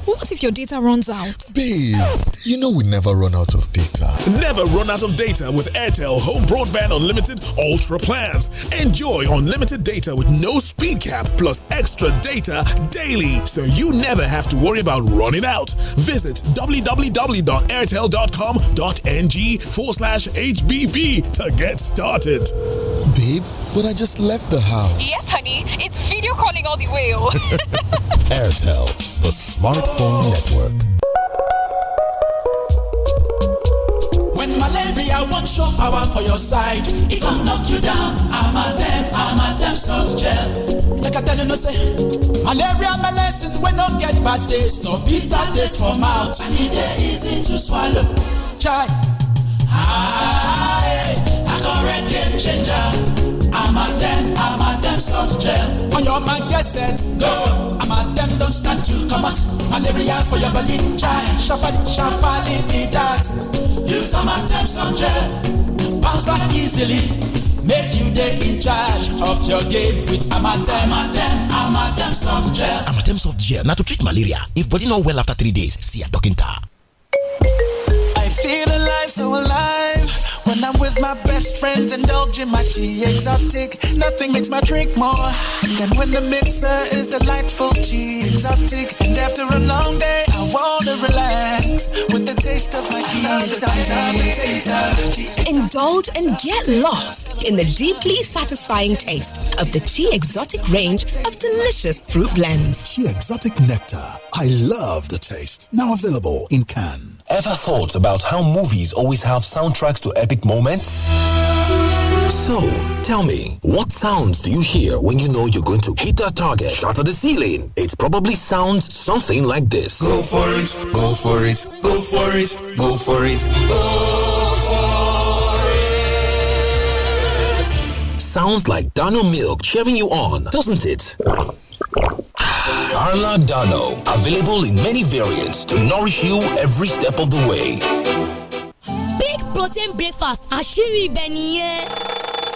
What if your data runs out? Babe, you know we never run out of data. Never run out of data with Airtel Home Broadband Unlimited Ultra plans. Enjoy unlimited data with no speed cap plus extra data daily so you never have to worry about running out. Visit www.airtel.com.ng forward slash HBB to get started. Babe, but I just left the house. Yes, honey. It's video calling all the way. Airtel, the smart Smartphone Network. When malaria won't show power for your side, it can knock you down. I'm I'm a dem, Amatem, Amatem salt gel. Like I tell you no say, malaria medicines we no get bad taste or bitter taste for mouth, and it easy to swallow. Chai. Ah, I correct game changer. Amatem, Amatem salt gel. On your mind, get set, go. I'm at them, don't start to come out. Malaria for your body, try. Sharply, sharply, need that. Use some at them salt gel. Bounce back easily. Make you day in charge of your game with Amatem. Amatem, Amatem soft gel. Amatem soft gel, now to treat malaria. If body not well after three days, see a doctor. I feel alive, so alive when I'm with my best friends, indulging my tea exotic. Nothing makes my drink more than when the mixer is delightful, tea exotic. And after a long day, I wanna relax with the taste of my tea exotic. Indulge and get lost in the deeply satisfying taste of the tea Exotic range of delicious fruit blends. Chi Exotic Nectar. I love the taste. Now available in cans. Ever thought about how movies always have soundtracks to epic moments? So, tell me, what sounds do you hear when you know you're going to hit that target, shatter the ceiling? It probably sounds something like this. Go for it, go for it, go for it, go for it, go for it. Sounds like Dano Milk cheering you on, doesn't it? Arla Dano, available in many variants to nourish you every step of the way. Big protein breakfast, Ashiri Beniye. nìyẹn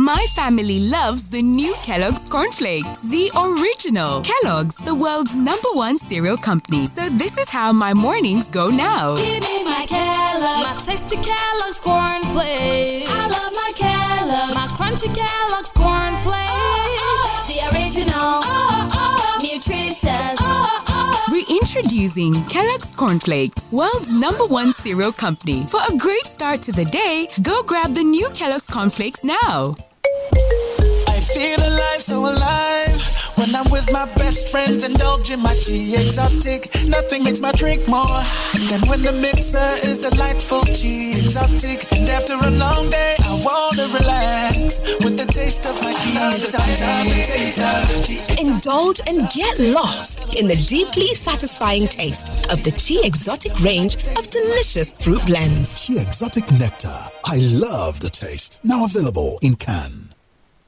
My family loves the new Kellogg's cornflakes, the original. Kellogg's, the world's number one cereal company. So this is how my mornings go now. Give me my Kellogg's, my tasty Kellogg's Flakes. I love my Kellogg's, my crunchy Kellogg's cornflakes. Oh, oh. oh. The original, oh, oh, oh. nutritious. Reintroducing Kellogg's Cornflakes, world's number one cereal company. For a great start to the day, go grab the new Kellogg's Cornflakes now. I feel alive, so alive when I'm with my best friends, indulging my tea exotic. Nothing makes my drink more than when the mixer is delightful, she exotic. And after a long day, I wanna relax with the taste of my tea exotic. Indulge and get lost in the deeply satisfying taste of the Chi Exotic range of delicious fruit blends. Chi Exotic Nectar. I love the taste. Now available in cans.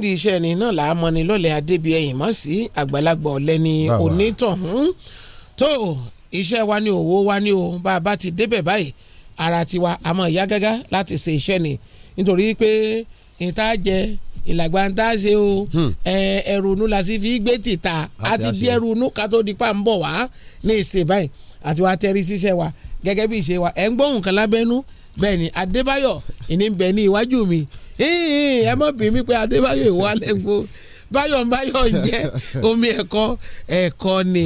nídìí iṣẹ́ ẹni náà làá mọ́ni lọ́lẹ̀ adébíyẹ̀yìn mọ́ sí àgbàlagbà ọ̀lẹ́ni onítọ̀hún tó iṣẹ́ wa ni òwò wa ni o bá a bá ti débẹ̀ báyìí ara tiwa a máa yá gágá láti ṣe iṣẹ́ ni nítorí pé ìta jẹ ìlàgbà ń tá a ṣe o hmm. ẹrù inú la sì fi gbé tìta àti di ẹrù inú ká tó di pa ń bọ̀ wá ní ìsìn báyìí àti wàá tẹ́rí síṣẹ́ wa gẹ́gẹ́ bí ìṣe wa ẹ̀ ń gbóhùn kan lábẹ́nú bẹ́ẹ̀ ni adébáyọ̀ ìní ń bẹ ní iwájú mi ẹ mọ̀ bí mi pé adébáyọ̀ ìwálẹ̀ gbó báyọ̀ báyọ̀ ń jẹ́ omi ẹ̀kọ́ ẹ̀kọ́ ni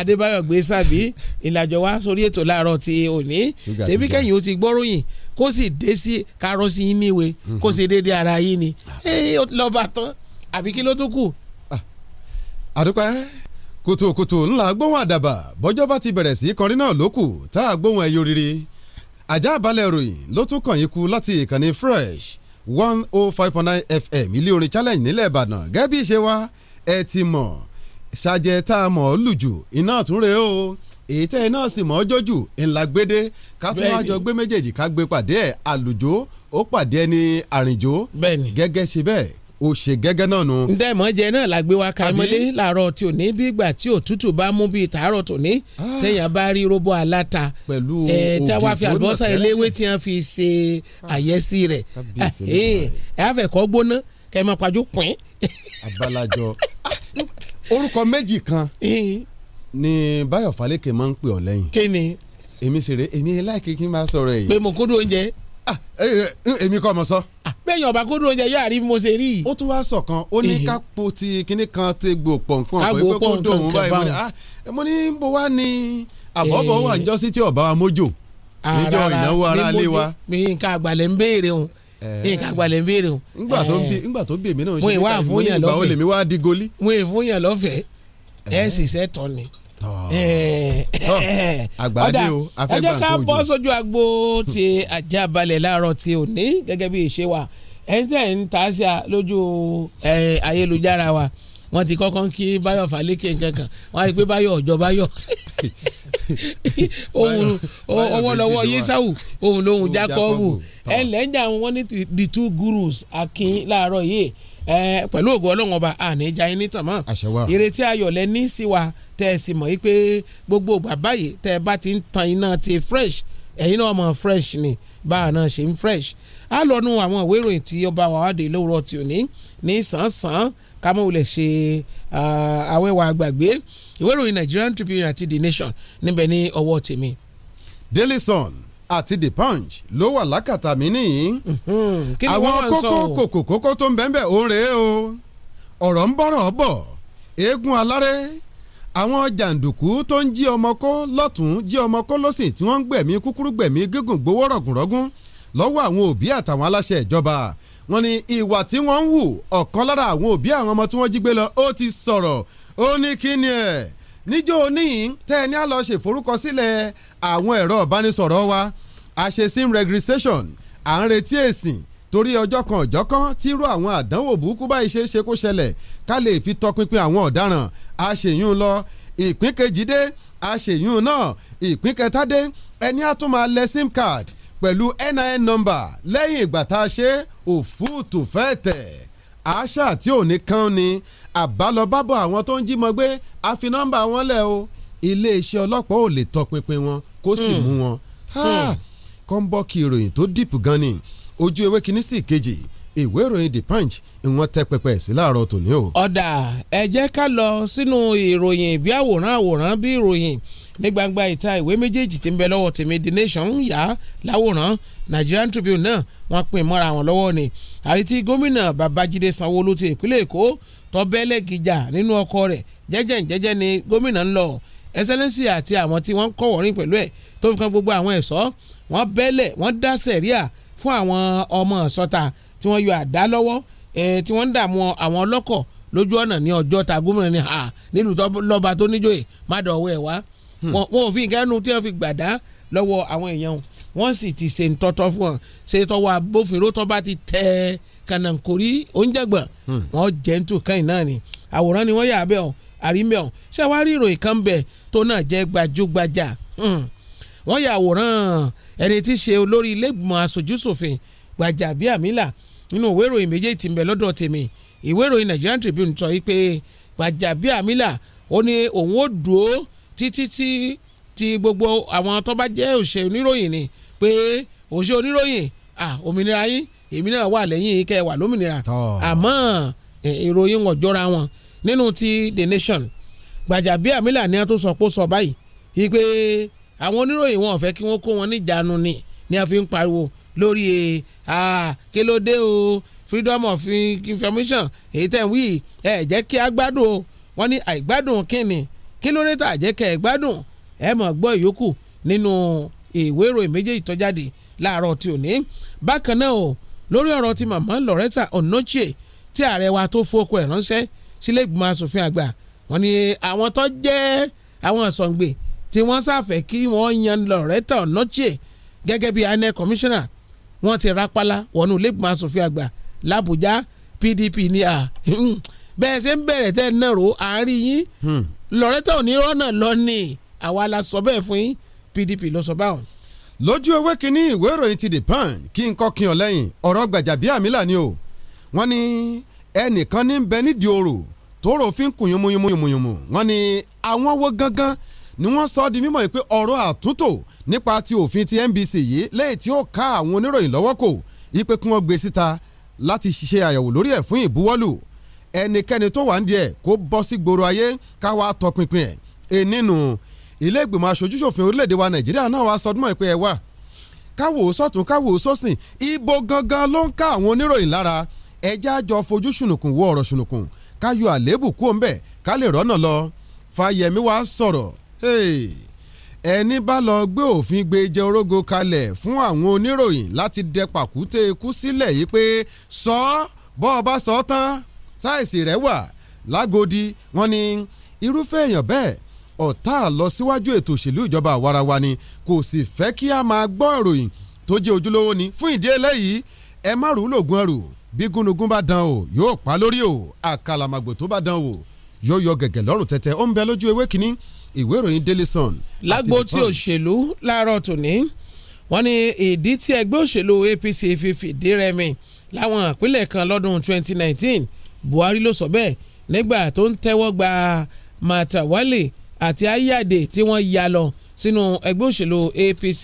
adébáyọ̀ gbé sábì ìlàjọ wa sórí ètò láàárọ̀ ti òní ṣebí kẹ́yìn ó ti gbọ́ròyìn kó sì dé sí karọ́ sí yín níwe kó sì mm-hmm. dédé ara yín ni ah. lọ́ba tán àbí kí ló tún kù. Ah, àdúpẹ́ kùtùkùtù ńlá gbóhùn àdàbà bọ́jọ́ bá ti bẹ̀rẹ̀ sí kọrin náà lókù tá a gbóhùn ẹyọ rírì ajá balẹ̀ ròyìn ló tún kàn yín kú láti ìkànnì fresh one oh five point nine fm ilé orin challenge nílẹ̀ ìbàdàn gẹ́gẹ́ bí ṣe wá ẹ ti mọ̀ ṣàjẹ́ tá a mọ̀ ọ́ lù jù iná àtúnrẹ́ o èyí tẹ́ iná sì mọ̀ ọ́ jọ́jù ńlá gbédé ká tún wá jọ gbé méjèèjì ká gbé pàdé ẹ̀ àlùjó ó pàdé ẹni àrìnjó gẹ́gẹ́ ṣe bẹ́ẹ̀ ó ṣe gẹ́gẹ́ náà nu. ǹdẹ́mọ̀jẹ náà la gbé wa ka ẹmọdé làárọ̀ tí ò ní bí ìgbà tí òtútù bá mú bíi tàárọ̀ tò ní ah. tẹ̀yàn bá rí robo aláta pẹ̀lú ògì fóònù ọ̀tẹ́rẹ́ tí a wá fi àlùbọ́sà eléwé tí wọ́n fi ṣe àyẹ́sí rẹ̀ ah, eh, ẹ̀ àfẹ́kọ́ gbóná kẹ́ ẹ máa pàjọ́ pín. abalajọ ah, orúkọ méjì kan eh. ni Báyọ̀ Fálékè máa ń pè ọ́ lẹ́yìn. kí ni. èmi sì rè èmi Ah, eh, eh, eh, èmi kọ́ ọmọ sọ. Ah, bẹ́ẹ̀ni ọba kó dúró oúnjẹ yóò àrí mo ṣe rí i. ó tún wá sọ̀kan ó ní kápò ti kinní kan ti gbò pọ̀npọ̀n pé pé kó dùn òun báyìí mo ní ah, bó wá ní àbọ̀bọ̀ wà ń jọ́sí tí ọba wa mójò níjọ́ ìnáwó aráalé wa. mi nǹkan àgbàlẹ̀ ń béèrè o nǹkan àgbàlẹ̀ ń béèrè o. ngbà tó bí ngbà tó bí èmi náà ń ṣe nípa ìmúlẹ̀ ìgbà olèmi wá di goli. mo ì àgbàdé o afẹ́ bá nǹkan òjò. ẹ jẹ́ ká bọ́ sójú agbo ti ajá balẹ̀ láàárọ̀ ti òní gẹ́gẹ́ bí ìṣe wa ẹni tẹ̀ ń ta sí a lójú ayélujára wa wọ́n ti kọ́kọ́ ń kí báyọ̀ fálékè kankan wọ́n á rí i pé báyọ̀ ọ̀jọ̀ báyọ̀ ohun ọwọ́ lọ́wọ́ yéṣáwù ohun lóhun jákọ́ọ̀bù ẹ̀ lẹ́jà wọn ní the two gurus akin láàárọ̀ yìí pẹ̀lú ògo ọlọ́run ọba àníjà yín nítàn mọ́ ìrètí ayọ̀ lẹ ní sí wa tẹ́ ẹ sì mọ̀ yí pé gbogbo ìgbà báyìí tẹ́ ẹ bá ti ń tan iná ti fresh ẹ̀yin náà mọ̀ fresh ni báà náà ṣe ń fresh a lọ nu àwọn ìwé ìròyìn tí ọba wàhádìí lówùrọ̀ tí ò ní ní sàn-án kámọ́ ò lè ṣe àwẹ̀wà àgbàgbé ìwé ìròyìn Nigerian Tribune àti The Nation níbẹ̀ ní ọwọ́ tèmi. Daily Sun àti the punch ló wà lákàtà mi nìyí. Mhm. àwọn kókó kòkò kókó tó ń bẹ́ẹ̀ ó rèé o ọ̀rọ̀ ń bọ̀rọ̀ bọ̀ eégún aláré àwọn jàǹdùkú tó ń jí ọmọ kó lọ́tún jí ọmọ kó lọ́sìn tí wọ́n ń gbẹ̀mí kúkúrú gbẹ̀mí gígùn gbowó rọ̀gùnrọ̀gùn lọ́wọ́ àwọn òbí àtàwọn aláṣẹ ìjọba wọ́n ní ìwà tí wọ́n ń hù ọ̀kan lára àwọn òbí àwọn ọmọ tí wọ́n jí gbé lọ ó ti sọ̀rọ̀ ó ní kí ni ẹ̀ níjó oníyìn tẹ́ ẹ ní à lọ ṣe forúkọsílẹ̀ àwọn ẹ̀rọ ìbánisọ̀rọ̀ wa àṣesim registration à ń retí èsìn torí ọjọ́ kan ọjọ́ kan tírú àwọn àdánwò burúkú báyìí ṣe é ṣe kó ṣẹlẹ̀ ká lè fi tọpinpin àwọn ọ̀daràn àṣeyún lọ ìpín kejìdé àṣeyún náà ìpín kẹtàdé ẹni á tún máa lẹ sim card pẹ̀lú NIN number lẹ́yìn ìgbà tá a ṣe òfúùtù fẹ́ tẹ̀ àṣà tí ò ní kán ni àbálọbábọ̀ àwọn tó ń jí mọ gbé a fi nọ́mbà wọn lẹ̀ o iléeṣẹ́ ọlọ́pàá ò lè tọpinpin wọn kó sì hmm. mú wọn hmm. kọ́ńbọ́ọ̀kì ìròyìn tó dìpù gan ni ojú ewé kìíní sí kejì ìwé ìròyìn the punch ìwọ̀n tẹ pẹpẹ sí láàárọ̀ tòní o. ọ̀dà ẹ jẹ́ ká lọ sínú ìròyìn bí àwòrán àwòrán bí ìròyìn ní gbangba ìta ìwé méjèèjì tí ń bẹ lọ́wọ́ tèmi the nation ń yá láwòrán Nigerian Tribune náà wọ́n pín mọ́ra wọn lọ́wọ́ ni àrètí gómìnà Babájídé sanwó ti ìpínlẹ̀ Èkó tọ́bẹ́lẹ̀ gíjà nínú ọkọ̀ rẹ̀ jẹ́jẹ́ ni gómìnà ń lọ Excellency àti àwọn tí wọ́n ń kọ̀wọ́rin pẹ̀lú ẹ̀ tó fi kan gbogbo àwọn ẹ̀ṣọ́ wọ́n bẹ́lẹ̀ wọ́n dá sẹ̀ríà fún àwọn ọmọ sọ́ta tí wọ́n yọ àdá lọ́wọ́ tí wọ́n ń dààmú àwọn ọlọ́kọ̀ lójú ọ̀nà ní ọjọ́ ta gómìnà ni ha nílùú lọ́ba tó níjòyè má dọ̀wọ́ ẹ̀ wá hmm. wọn ò fi nǹkan ẹnu tí wọ́n fi gbàdá lọ́wọ́ àwọn èèyàn wọ́n sì ti ṣe ntọ́tọ́ fún wọn ṣe tọwọ́ agbófinró tó bá ti tẹ kànáńkórí oúnjẹgbọ̀n hmm. wọn jẹ́ ń tù káyìn náà ni àwòrán ni wọ́n yà bẹ́ẹ̀ o àrímẹ́ o ṣé wàá rí ìròyìn kan bẹ̀ tó náà jẹ́ gbajúgbajà hmm. wọ́n yà àwòrán ẹni tí ṣe olórí ilé ìgbìmọ̀ aṣojú ṣòfin nínú ìwé ìròyìn méjèèjì tí ń bẹ lọ́dọ̀ tèmi ìwé ìròyìn Nigerian Tribune sọ wípé Gbajabiamila ó ní òun ó dúró títí tí ti gbogbo àwọn tó bá jẹ́ òṣè oníròyìn ni pé òṣè oníròyìn òmìnira yín èmi náà wà lẹ́yìn kẹ́ wà lómìnira àmọ́ ìròyìn wọn jọra wọn nínú ti The Nation Gbajabiamila ni a tó sọ pé ó sọ báyìí wípé àwọn oníròyìn wọn ò fẹ́ kí wọ́n kó wọn níjàánu ni ni a fi ń pariwo lórí ẹ̀ kí ló dé o freedom of information èyí tẹ̀ ń wí ẹ̀ jẹ́ kí a gbádùn o wọ́n ní àìgbádùn kínni kí ló dé tà jẹ́ kẹ́ ẹ̀ gbádùn ẹ̀ mọ̀ gbọ́ ìyókù nínú ìwé ìròyìn méjèèjì tó jáde láàárọ̀ tí ò ní bákan náà o lórí ọ̀rọ̀ ti màmá Loretta Onochie tí ààrẹ wa tó fọkọ ẹ̀ ránṣẹ́ sílé ìgbìmọ̀ asòfin àgbà wọ́n ní àwọn tó jẹ́ àwọn àsọ̀ǹgbè tí wọ́n sáfẹ́ kí wọ́n yan Loretta Onochie gẹ́gẹ́ bí INEC commissioner wọ́n ti rápálá wọnú lẹ́gbọ̀n asòfin àgbà làbújá PDP ni à hmm, bẹ́ẹ̀ ṣe ń bẹ̀rẹ̀ tẹ́ náà ró àárín yín hmm. lọ́rẹ́tà onírọ́nà lọ ni àwa la sọ bẹ́ẹ̀ fún yín PDP ló sọ báwọn. lójú ewé kínní ìwé ìròyìn ti The Punch kí n kọ́ kí n ọ̀lẹ́yìn ọ̀rọ̀ Gbajabiamila ni o wọ́n ní ẹnìkan ní bẹ nídìí oòrùn tó rò fi ń kùn yùmùyùmùyùmù wọ́n ní àwọn wo gangan ni wọ́n sọ ọ́ di mímọ̀ yìí pé ọ̀rọ̀ àtúntò nípa ti òfin ti NBC yìí lẹ́yìn tí ó ká àwọn oníròyìn lọ́wọ́ kò yí pé kí wọ́n gbé síta láti ṣe àyẹ̀wò lórí ẹ̀ fún ìbuwọ́lù ẹnikẹ́ni tó wà ń di ẹ̀ kó bọ́ sí gbòòrò ayé káwa tọpinpin ẹ̀ ẹ̀ nínú ilé ìgbìmọ̀ aṣojúṣòfin orílẹ̀-èdè wa Nàìjíríà náà wàá sọdúnmọ́ ìpè ẹ̀ wà káwò sọ̀tún káwò sọ̀sìn ibo gangan ló ń ká àwọn oníròyìn lára ẹjẹ́ àjọ fojú ṣùnùkùn wo ọ̀rọ̀ ṣùnùkùn ká yọ àléébù kúò ńbẹ̀ ká lè rọ́nà lọ Fáyẹmí wàá sọ̀rọ̀ ẹni bá lọ gbé òfin gbé jẹ orógo kalẹ̀ fún àwọn oníròyìn láti dẹ pàkúté ikú sílẹ̀ yìí pé sọ ọ́ bọ́ ọ bá sọ ọ́ tán sáìsì rẹ̀ wà lágodi wọn ni irúfẹ́ èèyàn bẹ́ẹ̀ ọ̀tá lọ síwájú ètò òṣèlú ìjọba àwarawa ni kò sì fẹ́ kí a máa gbọ́ ìròyìn tó jẹ́ ojúlówó ni fún ìdí eléyìí ẹ má rù lògùn ẹrù bí gúnugún bá dán o yóò pa lórí o àkàlàmàgbò tó bá dán o yóò yọ gẹ̀gẹ̀ lọ́rùn tẹ́tẹ́ ó ń bẹ lójú ewé kínní ìwé ìròyìn Daily Sun. lágbo tí òṣèlú láàárọ̀ tòní wọ́n ní ìdí tí ẹgbẹ́ òṣèlú APC fi fìdí rẹmi láwọn ìpínlẹ̀ kan lọ́dún 2019 Buhari ló sọ bẹ́ẹ̀ nígbà tó ń tẹ́wọ́ gba Matawale àti Ayade tí wọ́n ya lọ sínú ẹgbẹ́ òṣèlú APC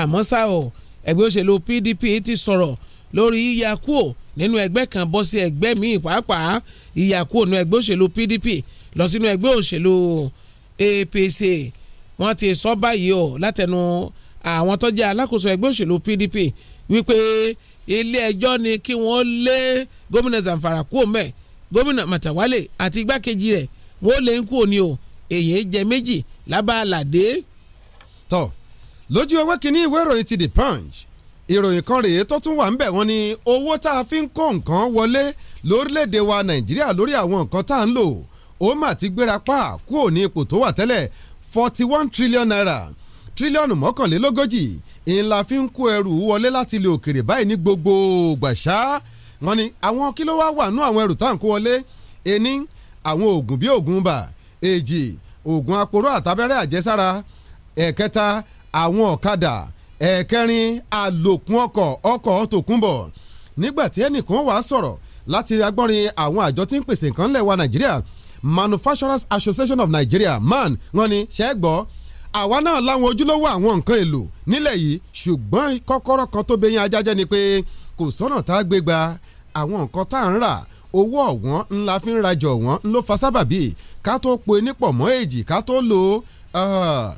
àmọ́ ṣá o ẹgbẹ́ òṣèlú PDP ti sọ̀rọ̀ lórí yíyakúò nínú ẹgbẹ́ kan bọ́ sí ẹgbẹ́ míì pàápàá yíyakúò nínú ẹgbẹ́ òṣèlú PDP lọ sínú ẹgbẹ́ òṣèlú PDP APC wọ́n ti sọ báyìí o látẹnu àwọn tó jẹ́ alákòóso ẹgbẹ́ òṣèlú PDP wípé ilé ẹjọ́ ni kí wọ́n lé gómìnà Zamfara kúò mẹ́ gómìnà Matawalle àti igbákejì rẹ̀ wọ́n lè ń e kúò ní o èyí jẹ méjì lábàládé. tọ́ lójú ewé kínní ìwé ìròyìn ti The Punch ìròyìn kan rèé tó tún wà ń bẹ̀ wọ́n ní owó tá a fi ń kó nǹkan wọlé lórílẹ̀‐èdè wa Nàìjíríà lórí àwọn nǹkan tá a ń lò ó mà ti gbéra pa kúrò ní ipò tó wà tẹ́lẹ̀ forty one trillion naira tírílíọ̀nù mọ́kànlélógójì ńlá fi ń kó ẹrù wọlé láti ilé òkèrè báyìí ní gbogbo gbàṣá wọn ni àwọn kí ló wá wà nú àwọn ẹrù tá à ń kó wọlé ení àwọn oògùn bíi oògùn bà èjì oògùn aporó àtàbẹ́rẹ́ àjẹsára ẹ̀kẹta àwọn ọ̀kadà ẹ̀kẹrin àlòkùn ọkọ̀ ọkọ̀ tòkunbọ̀ nígbà ẹnìkan wàá sọ̀rọ̀ láti agbọ́nrin àwọn àjọ tí ń pèsè nǹkan lẹ̀ wa Nàìjíríà manufacturers association of nigeria man wọ́n ní ṣẹ́gbọ́ àwa náà láwọn ojúlówó àwọn nǹkan èlò nílẹ̀ yìí ṣùgbọ́n kọ́kọ́rọ́ kan tó bẹyìn ajájẹ́ ni pé kò sọ́nà tá a gbé gba àwọn nǹkan tá à ń rà owó ọ̀wọ́n ńlá fi ń rajọ ọ̀wọ́n ńlọ fa sábàbí ká tó po enípọ̀ mọ́ èjì ká tó lò ó ah,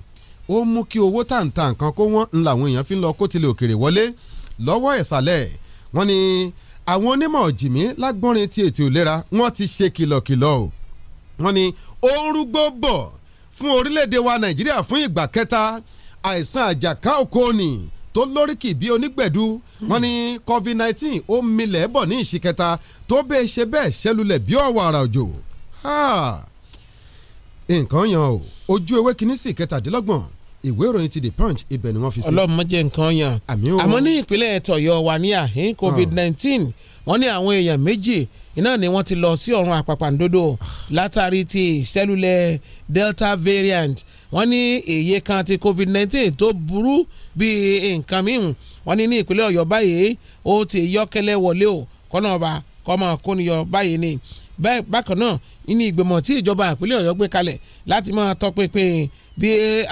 ó mú kí owó tàǹtà nǹkan kó wọ́n ńlá àwọn èèyàn fi ń lọ kó tilẹ̀ òkèrè wọlé lọ́wọ́ ìsàlẹ̀ wọ́n ní àwọn onímọ̀ jìmí lágbọ́nrin ti ètò ìlera wọ́n ti ṣe kìlọ̀kìlọ̀ o wọ́n ní ó ń rúgbó bọ̀ fún orílẹ̀-èdè wa nàìjíríà fún ìgbà kẹta àìsàn àjàká òkòòní tó lóríkì bí onígbẹ̀dú wọ́n ní covid nineteen ó milẹ̀ bọ̀ ní ìsì kẹta tó bẹ́ẹ̀ ṣe bẹ́ẹ̀ ṣẹlulẹ̀ bí ọ̀wọ̀ àrà òjò nǹkan yan o ojú ewé kínní sí kẹtàdínlọ́gbọ̀n ìwé ìròyìn ti the punch ibẹ̀ ni wọ́n fi sí. ọlọ́mọ jẹ́ nǹkan yan àmọ́ ní ìpínlẹ̀ tọ̀yọ̀ wà ní àhín covid nineteen wọ́n ní àwọn èèyàn méjì iná ni wọ́n ti lọ sí ọ̀run àpàpàǹdodo látàrí ti ìṣẹ́lulẹ̀ delta variant wọ́n ní èyí kan ti covid nineteen, tó burú bíi nǹkan mìíràn wọ́n ní ní ìpínlẹ̀ ọ̀yọ́ báyìí ó ti yọ́kẹ́lẹ́ wọlé o kọ́nà ọba kọ́mọ kóniyọ báyìí ni bákan náà nínú ìgbìmọ̀ tí ìjọba ìpínlẹ̀ ọ̀yọ́ gbé kalẹ̀ láti máa tọpinpin bí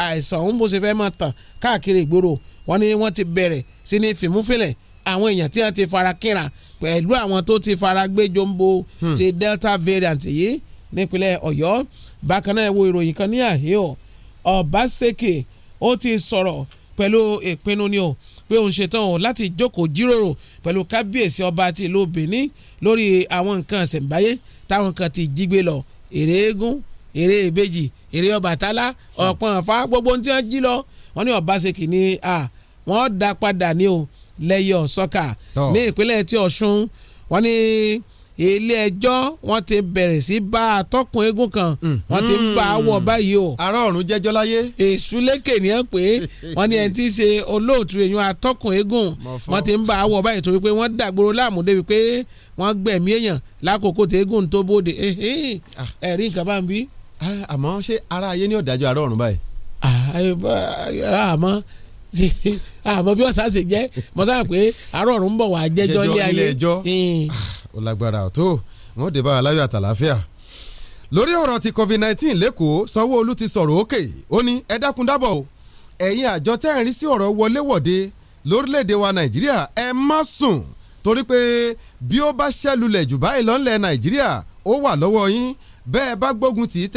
àìsàn òun bó ṣe fẹ́ máa tàn káàkiri ìgboro wọ́n ní wọ́n ti bẹ̀rẹ̀ sí ní fìmúfìlẹ̀ àwọn èèyàn tí wọ́n ti fara kínra pẹ̀lú àwọn tó ti fara jombo hmm. ti delta variant yìí nípínlẹ̀ ọ̀yọ́ bákan náà ẹ wo ìròyìn kan ní àhíọ ọ̀básẹ́kẹ̀ ó ti sọ̀rọ̀ pẹ̀lú ìpinnu ni o pé òun ṣetán o láti jókòó jíròrò pẹ̀lú kábíyèsí ọba ti ìlú benin lórí àwọn nǹkan ṣẹ̀ǹbáyé táwọn kan ti jígbé lọ èrè eégún èrè ìbejì èrè ọbàtálá hmm. ọ̀pọ̀n àfa gbogbo ohun tí wọ́n jí lọ wọ́n ní ọ̀básẹ́kẹ̀ ni wọ́n dá padà ní o. Hmm lẹ́yọ̀ sọ́kà ní ìpínlẹ̀ tí Ọ̀ṣun wọ́n ní ilé ẹjọ́ wọ́n ti bẹ̀rẹ̀ sí bá atọ́kùn eégún kan hmm. wọ́n ti ń bá a wọ̀ hmm. báyìí o. ará ọ̀run jẹ́jọ́ láyé. èsúlékè ni ẹ pé wọ́n ní ẹni tí í ṣe olóòtú èèyàn atọ́kùn eégún wọ́n ti ń bá a wọ̀ báyìí torí pé wọ́n dàgbòrò láàmú débi pé wọ́n gbẹ̀mí èèyàn lákòókò tí eégún tó bóde eh, eh. ah. ẹ̀rí nǹkan bá ń bí. Ah, àmọ́ ṣé ara ayé ní ọ̀dájọ́ ará ọ̀run báyìí. Ah, àmọ́ àmọ́ ah, bí ọ̀sán ṣe jẹ́ mo sábà pé àárọ̀ ọ̀run ń bọ̀ wá jẹ́jọ́ ilé ayé. jẹ́jọ́ ilé ẹjọ́ hmm. ah, lágbára tó wọn dé bá aláyọ̀ àtàlàáfíà. lórí ọ̀rọ̀ ti covid-19 lẹ́kọ̀ọ́ sanwó-olu ti sọ̀rọ̀ òkè ó ní ẹ dákun dábọ̀ o ẹ̀yin àjọ tẹ́ẹ̀rín sí ọ̀rọ̀ wọléwọ̀de lórílẹ̀‐èdè wa nàìjíríà ẹ má sùn torí pé bí ó bá ṣẹlulẹ̀ jù báyìí lọ́nlẹ̀ nàìjíríà ó wà lọ́wọ́ yín bẹ́ẹ̀ bá gbógun tì í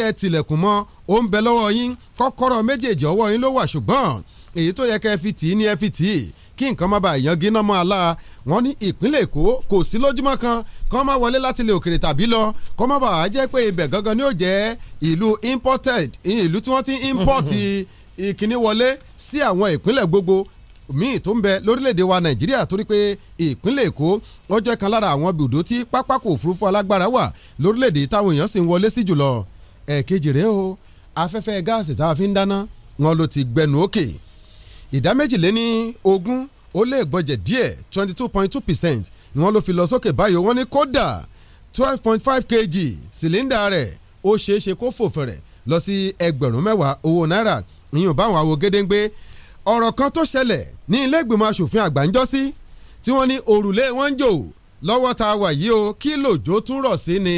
èyí tó yẹ kẹ́ ẹ fi tì í ní ẹ fi tì í kí nǹkan má bàa yan gíná mọ́ aláà wọ́n ní ìpínlẹ̀ èkó kò sí lójúmọ́ kan kọ́ má wọlé láti ilẹ̀ òkèrè tàbí lọ kọ́ má bàa jẹ́ pé ibẹ̀ gangan ni ó jẹ́ ìlú imported ìlú tí wọ́n ti import ìkíní wọlé sí àwọn ìpínlẹ̀ gbogbo míì tó ń bẹ lórílẹ̀‐èdè wa nàìjíríà torí pé ìpínlẹ̀ èkó ó jẹ́ kan lára àwọn bùdó tí pápákọ̀ òfurufú alágbára wà lórílẹ̀‐èdè táwọn èèyàn sì ń wọlé sí jùlọ ẹ̀ẹ̀kejì rèé o afẹ́fẹ́ gáàsì tá fi ń dáná wọn ló ti gbẹnu òkè. Okay ìdá méjìléní ogún ó lé ìgbọ́jẹ̀ díẹ̀ twenty two point two percent ni wọ́n ló fi lọ sókè báyìí wọ́n ní kódà twelve point five kg sìlíndà rẹ̀ ó ṣeé ṣe kó fò fẹ̀rẹ̀ lọ sí ẹgbẹ̀rún mẹ́wàá owó náírà ìyún báwọn awo gédéǹgbé ọ̀rọ̀ kan tó ṣẹlẹ̀ ní ilé ìgbìmọ̀ asòfin àgbà ń jọ́sí tí wọ́n ní òrùlé wọn ń jò lọ́wọ́ tá wà yìí o kí lòjó tún rọ̀ sí ni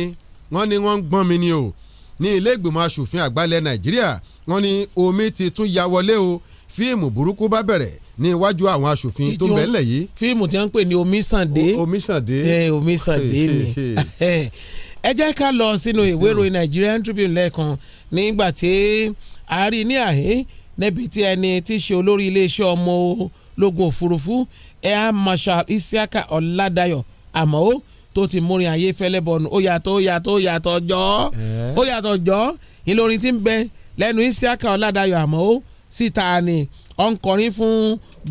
wọ́n ní wọ́n ń gbọ́n mi ni o ní ilé ìgbìmọ̀ asòfin àgbà Nàìjíríà wọ́n ní omi ti tún ya wọlé o fíìmù burúkú bá bẹ̀rẹ̀ ní iwájú àwọn aṣòfin tó bẹ̀lẹ̀ yìí. fíìmù tí wọ́n ń pè ní omisande omisande omisande ni ẹ jẹ́ ká lọ sínú ìwé ìròyìn Nigerian Tribune lẹ́ẹ̀kan nígbà tí àárín ní àhín níbi tí ẹni tí í ṣe olórí iléeṣẹ́ ọmọ ológun òfurufú air marshal Isiaka Ọ̀làdáyọ̀ Àmàó tó ti múrin ayé fẹ́lẹ́ bọ̀nù ó yàtọ̀ ó yàtọ̀ ó yàtọ̀ jọ́ ó yàtọ̀ jọ́ Ìlọrin ti ń bẹ lẹ́nu Isiaka Ọ̀làdáyọ̀ Àmàó síta ni ọ̀nkọ̀rin fún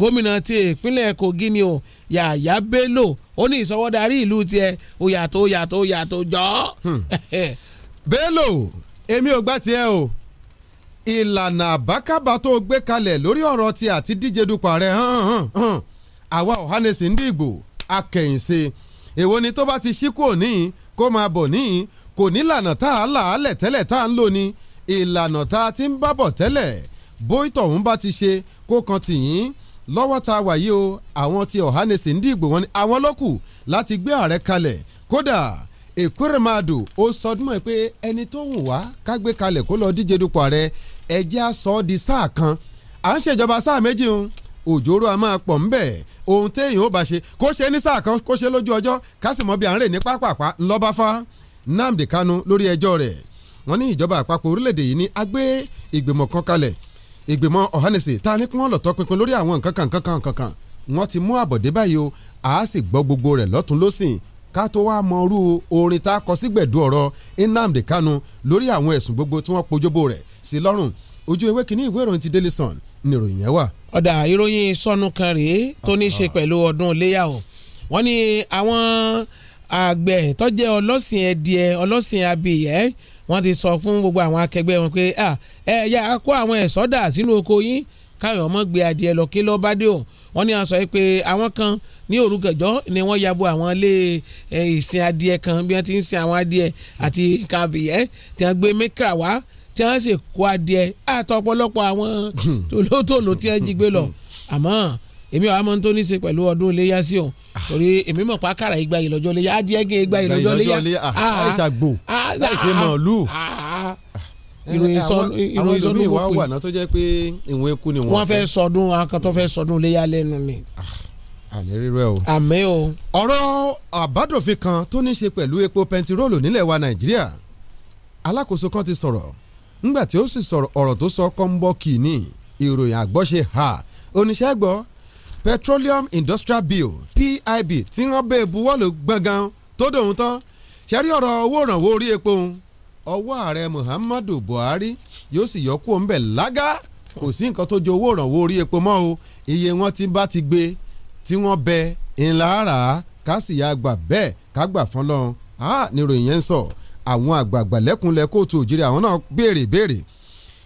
gómìnà ti ìpínlẹ̀ Kogi ni o Yàyà Bello ó ní ìsọwọ́darí ìlú tiẹ̀ ó yàtọ̀ ó yàtọ̀ ó yàtọ̀ jọ́. Hmm. Bello èmi ò gbà tiẹ̀ o ìlànà àbákàbà tó gbé kalẹ̀ lórí ọ̀rọ̀ ti àti díje dupò ààrẹ hàn hàn hàn àwa ọ̀hánẹsì ndí ìgbò akẹ̀yìnse èwo ni tó bá ti ṣí kúrò níyì kó máa bọ̀ níyì kò nílànà tá a là á lẹ̀ tẹ́lẹ̀ tá a ń lò ní ìlànà tá a ti ń bábọ̀ tẹ́lẹ̀ bóyí tọ̀hún bá ti ṣe kó kan tìyín lọ́wọ́ tá a wà yìí o àwọn ti ọ̀hánẹsẹ̀ ń dìgbò wọn ni àwọn lọ́kù láti gbé ààrẹ kalẹ̀ kódà Ekweremadu ó sọdúnmọ́ ẹ pé ẹni tó wù wá ká gbé kalẹ̀ kó lọ díje dupò ààrẹ ẹjẹ́ á sọ ọ́ di sáà kan à ń ṣèjọba sáà méjì ń òjòrò a máa pọ̀ ńbẹ̀ ohun téèyàn ó bá ṣe kó ṣe ní sáà kan kó ṣe lójú ọjọ́ kásìmọ́ bíi à ní pápápá ńlọ́báfá Nnamdi Kanu lórí ẹjọ́ rẹ̀ wọ́n ní ìjọba àpapọ̀ orílẹ̀-èdè yìí ní agbé ìgbìmọ̀ kan kalẹ̀ ìgbìmọ̀ ọ̀hánẹsẹ̀ ta ni kí wọ́n lọ tọpinpin lórí àwọn nǹkan kan nǹkan kan kan wọ́n ti mú àbọ̀dé báyìí o a sì gbọ́ gbogbo rẹ̀ lọ́tún lọ́sìn ká tó wá mọ irú orin tá a kọ sígbẹ̀dú ọ̀rọ̀ Nnamdi Kanu lórí àwọn ẹ̀sùn gbogbo tí wọ́n pojóbó rẹ̀ sí lọ́rùn ojú ewé kínní ìwé ìròyìn ti Daily Sun ni ìròyìn yẹn wà. ọ̀dà ìròyìn sọnù kan rèé tó ní í ṣe ah, ah. pẹ̀lú ọdún iléyà o wọ́n ní àwọn àgbẹ̀ tó jẹ́ ọlọ́sìn ẹdìẹ ọlọ́sìn abìyẹ́ wọ́n ti sọ fún gbogbo àwọn akẹgbẹ́ wọn pé ẹ yà kó àwọn ẹ̀ṣọ́ dà sínú oko yín káyọ̀ ọmọ gbé adìẹ lọ kí lọ́ọ́ bá dé o wọ́n ní àwọn sọ pé àwọn kan ní òru gànjọ́ ni wọ́n ya bo àwọn ilé ìsìn adìẹ kan bí wọ́n ti ń sin àwọn adìẹ àti kàbìyẹ́ tí wọ́n gbé mẹ́kà wá tí wọ́n sì kó adìẹ àtọ̀pọ̀lọpọ̀ àwọn hmm. tòlótòló tí wọ́n jí gbé lọ àmọ́ èmi àwọn amóhun tó ní í ṣe pẹ̀lú ọdún iléyà sí òun ah. torí èmi mọ̀ pa kára igba yìí lọ́jọ́ iléyà adìẹ gé igba yìí lọ́jọ́ iléyà àìsà gbò láìsè màálù. Ah, ah, ìròyìn eh, sọnù àwọn ẹlòmíì wá wà náà tó jẹ́ pé ìwọ̀n eku ni wọ́n fẹ́. wọ́n fẹ́ sọdún akantọ́ fẹ́ sọdún iléyà lẹ́nu ni. àmì rírọ o. àmì o. ọ̀rọ̀ àbádòfin kan tó ní í pẹ̀lú epo pẹntiróòlù nílẹ̀ wa Nàìjíríà alákòóso kan ti sọ̀rọ̀ ńgbà tí ó sì sọ̀rọ̀ ọ̀rọ̀ tó sọ kọ́ńbọ́ọ̀kì ní ìròyìn àgbọ́ṣe ha oníṣẹ́ gbọ́ petroleum industrial bill pib tí wọ́n bẹ́ẹ̀ buwọ́lù gbọ̀ngàn tó dòun tán ṣẹ́rí ọ̀rọ̀ owó ìrànwọ́ orí epo ọwọ́ ààrẹ Muhammadu Buhari yóò sì yọkú òǹbẹ̀ lága kò sí nǹkan tó jẹ owó ìrànwọ́ orí epo mọ́ o iye wọn ti bá ti gbé tí wọ́n bẹ ńlá rà á ká sì fún lọ́run a ní ròyìn yẹn ń sọ àwọn àgbààgbà lẹ́kùnlẹ̀ kóòtù òjìrì àwọn náà béèrè béèrè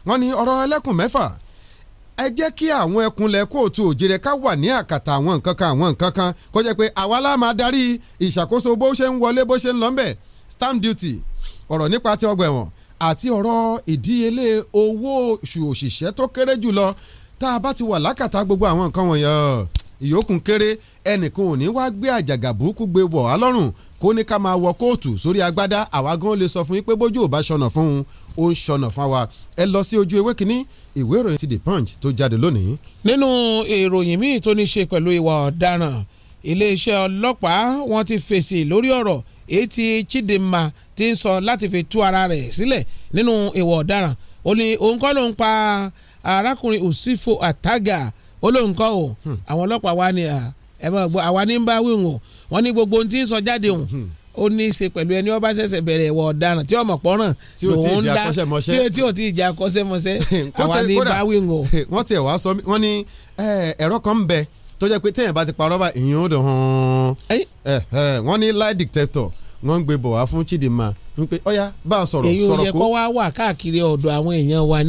wọ́n ní ọ̀rọ̀ ẹlẹ́kùn mẹ́fà ẹ jẹ́ kí àwọn ẹkùnlẹ̀ kóòtù òjìrẹ́ ká wà ní àkàtà àwọn nǹkan kan àwọn nǹkan kan kó jẹ́ pé àwa la máa darí ìṣàkóso bó ṣe ń wọlé bó ṣe ń lọ́nbẹ̀ stamp duty ọ̀rọ̀ nípa ti ọgbà ẹ̀wọ̀n àti ọ̀rọ̀ ìdíyelé owó oṣù òṣìṣẹ́ tó kéré jùlọ tá a bá ti wà lákàtà gbogbo àwọn nǹkan wọ̀nyẹn ìyókùn kéré ẹnìkan ò ní wá gbé àjàgà burúkú gbé wọ̀ á lọ́rùn kó ní ká máa wọ kóòtù sórí agbádá àwa gan lè sọ fún yín pé bójú ò bá ṣọnà fún un ó ń ṣọnà fún wa ẹ lọ sí ojú ewé kínní ìwé ìròyìn ti The Punch tó jáde lónìí. nínú ìròyìn míì tó ní ṣe pẹ̀lú ìwà ọ̀daràn iléeṣẹ́ ọlọ́pàá wọ́n ti fèsì lórí ọ̀rọ̀ èyí tí Chidinma ti ń sọ láti fi tú ara rẹ̀ sílẹ̀ nínú ìwà ọ̀daràn ó ní òun kọ́ ló ń pa arákùnrin Usifo Ataga ó lóun kọ́ o hmm. àwọn ọlọ́pàá wa ni à ẹ mọ̀ gbọ́ àwa ní bá gbogbo ohun tí ń sọ jáde hùn hmm. ó ní í pẹ̀lú ẹni ọba ṣẹ̀ṣẹ̀ bẹ̀rẹ̀ ìwà ọ̀daràn tí ọmọ pọ́nrán lòun ń dá tí ò tí ì jẹ́ akọ́ṣẹ́mọṣẹ́ àwa ní bá wọ́n ti ẹ̀ wá sọ wọ́n ní ẹ̀rọ kan ń bẹ pé téèyàn bá ti bá ìyẹn ó dùn hàn wọ́n ní lie detector wọ́n gbé bọ̀ wá fún Chidinma wípé sọ̀rọ̀ sọ̀rọ̀ kó. èyí ò yẹ kó wa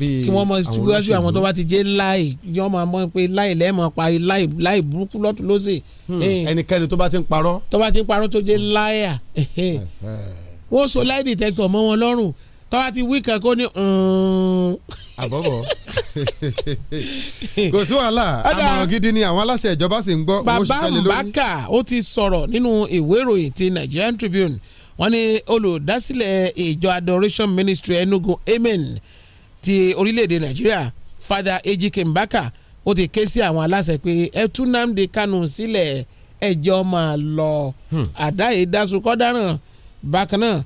kí wọ́n mọ síwájú àwọn tó bá ti jẹ́ láì yọ́n máa mọ̀ pé láì lẹ́ẹ̀mọ́ pa láì láì burúkú lọ́tún lọ́sẹ̀. Hmm. ẹnikẹ́ni tó bá ti ń parọ́. tó bá ti ń parọ́ tó jẹ́ hmm. láyà wọ́n so láì dìtẹ́tọ̀ mọ́ wọn lọ́rùn tó bá ti wí kan kó ní. àbọ̀bọ̀ kò sí wàhálà àmọ̀ràn gidi ni àwọn aláṣẹ ìjọba sì ń gbọ́ bàbá mbàkà ó ti sọ̀rọ̀ nínú ìwé ìròyìn ti Nigerian Tribune wọ́n ní olùdásílẹ̀ ìjọ Adoration Ministry Enugu Amen ti orílẹ̀-èdè nàìjíríà Father Ejike Mbaka ó ti ké sí àwọn aláṣẹ pé ẹ tú Nnamdi Kanu sílẹ̀ ẹjọ́ máa lọ hmm. àdáyé dásùkọ́ dáràn bákan náà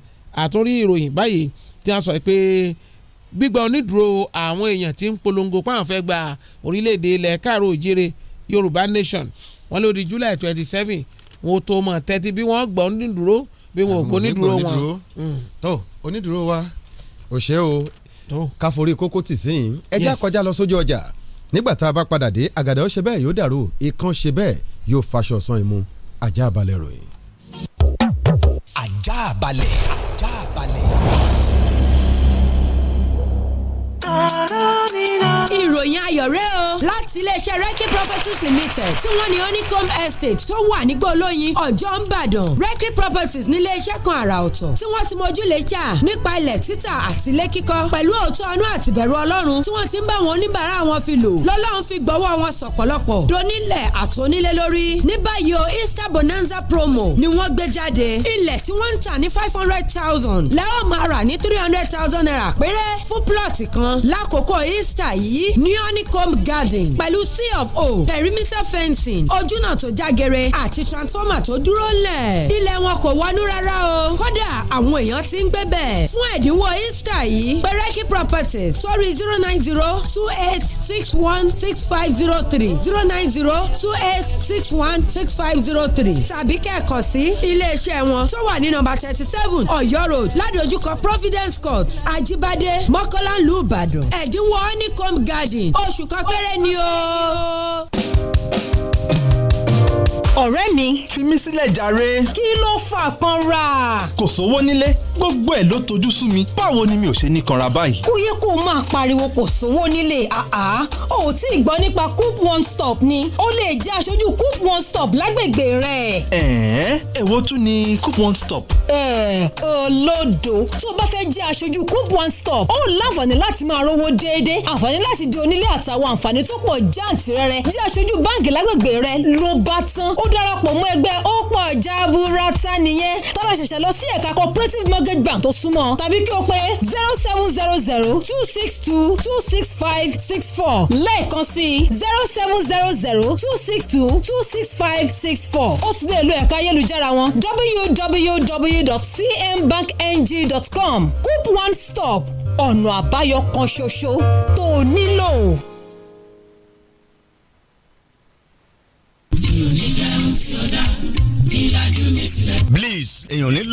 àtúrí ìròyìn báyìí tí wọ́n sọ pé gbígba onídùúró àwọn èèyàn tí ń polongo páwọn fẹ́ gba orílẹ̀-èdè ilẹ̀ káàró òjire Yorùbá Nation wọ́n ló July twenty seven wọn ò tó mọ̀ tẹ́tí bí wọ́n gbọ́ onídùúró bí wọn ò gbọ́ onídùúró wọn. Hmm. tó onídùúró wa òṣè o káforí kókó tì sí yín ẹjẹ́ àkọjá lọ sójú ọjà nígbà tá a bá padà dé àgàdà ó ṣe bẹ́ẹ̀ yóò dàrú ikán ṣe bẹ́ẹ̀ yóò faṣọ san imú ajá balẹ̀ ròyìn. ajá balẹ̀ ajá balẹ̀. ọ̀rọ̀ mi náà ìròyìn ayọ̀ rẹ o láti iléeṣẹ́ Rẹ́kí Properties Limited tí wọ́n ní Onicom Estate tó wà nígbó olóyin ọjọ́ ń bàdàn Rẹ́kí Properties ní iléeṣẹ́ kan àrà ọ̀tọ̀ tí wọ́n ti mójú lè jà nípa ilẹ̀ títà àti ilé kíkọ́ pẹ̀lú òótọ́ ọnú àtìbẹ̀rù Ọlọ́run tí wọ́n ti ń bá wọn oníbàárà wọn fi lò lọ́lọ́run fi gbọ́wọ́ wọn sọ̀pọ̀lọpọ̀ donílẹ̀ àtònílé lórí ní báyìí o Easter Bonanza promo ni wọ́n gbé jáde ilẹ̀ tí wọ́n ń tà ní five hundred thousand lẹ́wọ̀n máa rà ní three hundred thousand naira péré fún plọ̀tì kan lákòókò Easter yìí yìí ní honeycomb garden pẹ̀lú sea of o perimeter fencing ojúnà tó jágere àti transformer tó dúró lẹ̀. ilẹ̀ wọn kò wọnú rárá o kódà àwọn èèyàn ti ń gbé bẹ̀. fún ẹ̀dínwó easter yìí pẹ̀rẹ́kì properties sórí zero nine zero two eight six one six five zero three zero nine zero two eight six one six five zero three tàbí kẹ́ẹ̀kan sí iléeṣẹ́ wọn tó wà ní nọ́mbà thirty seven ọ̀yọ́ road ládojúkọ providence court ajibade mọ́kọ́lá ìlú ìbàdàn ẹ̀dínwó honeycomb Garden oṣù kan péré ni o ọ̀rẹ́ mi. fi mí sílẹ̀ jàre. kí ló fà kanra. kò sówó nílé gbogbo ẹ̀ ló tojú sú mi báwo ni mi ò ṣe ní kanra báyìí. kó yẹ kó máa pariwo kò sówó nílé àá ò tí ì gbọ́ nípa coop one stop ni ó lè jẹ́ aṣojú coop one stop lágbègbè rẹ̀. ẹ̀ẹ́n èwo tún ni coop one stop. ẹ̀ẹ́ olódo tó bá fẹ́ jẹ́ aṣojú coop one stop ó láǹfààní láti máa rówó déédéé àǹfààní láti di onílé àtàwọn àǹfààní tó pọ̀ jáǹtì rẹ̀rẹ̀ jẹ́ aṣojú báǹkì lágbègbè rẹ̀ ló bá tán ó darapọ̀ mọ́ ẹgbẹ́ ó pọ̀ jaburata nìyẹn tọ́lá ṣẹ̀ṣẹ̀ lọ sí ẹ̀ka cooperative mortgage bank tó súnmọ́ tàbí kí o pé zero seven zero zero two six two two six five six four lẹ́ẹ̀kan sí zero seven zero zero two six two two six five six four ó sì lè lo ẹ̀ka ayélujára wọn www.cmbankng.com coop one stop ọ̀nà àbáyọ kan ṣoṣo tó o nílò. Ellos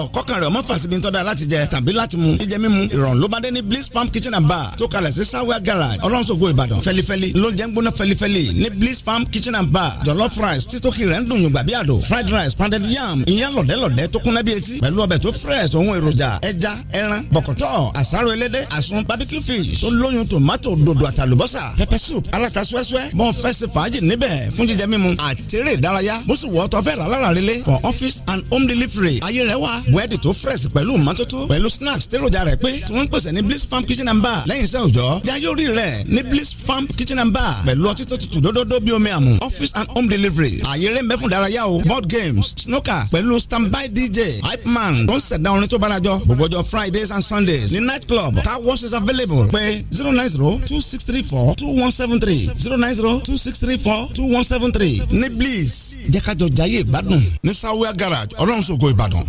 lọ́wọ́ kọ́kàn rẹ̀ ọmọ fàṣibí ń tọ́da láti jẹ tàbí láti mu jíjẹ mímu ìrọ̀rùn ló bá dé ní bliss farm kitchen and bar tó kalẹ̀ sí sáwẹ́ garage ọlọ́nsogo ìbàdàn fẹlifẹli lóúnjẹ ń gbóná fẹlifẹli ní bliss farm kitchen and bar jollof rice títókì rẹ̀ ń dùn yùngbà bí àdó fried rice pounded yam ìyẹn lọ̀dẹ́lọ̀dẹ́ tó kúnná bí etí pẹ̀lú ọbẹ̀ tó fresh òun èròjà ẹja ẹran bọ̀kọ̀tọ̀ àsáró ẹlẹ́dẹ̀ àsun barbecue fish tó lóyún tomato dodo àtàlùbọ́sà pepper soup aláta súẹ́súẹ́ mọ́ fẹ́sẹ̀ fàájì níbẹ̀ fún jíjẹ mímu àtẹ̀rẹ̀ ìdárayá bó sì wọ́ tọ́fẹ́ rà lára rẹ̀ lé for office and home delivery ayé rẹ̀ wá búrẹ́dì tó fresh pẹ̀lú mọ́tótó pẹ̀lú snacks tẹ́rọ̀jà rẹ̀ pé tí wọ́n ń pèsè ní bliss farm kitchen and bar lẹ́yìn iṣẹ́ òòjọ́ jayori rẹ̀ ní bliss farm kitchen and bar pẹ̀lú ọtí tó tutù dódódó bí omi àmù office and home delivery ààyè rẹ̀ ń bẹ fún o board games snooker pẹ̀lú standby dj hype man tó ń ṣẹ̀dá orin tó bára jọ gbogbo ọjọ́ fridays and sundays ní night club car wash is available pé zero nine zero two six three four two one seven three zero nine zero two six three four two one seven three ní bliss jẹ́ ká jọ jayé ìgbádùn ní sawiya garage ọlọ́run ṣògo ìbàdàn.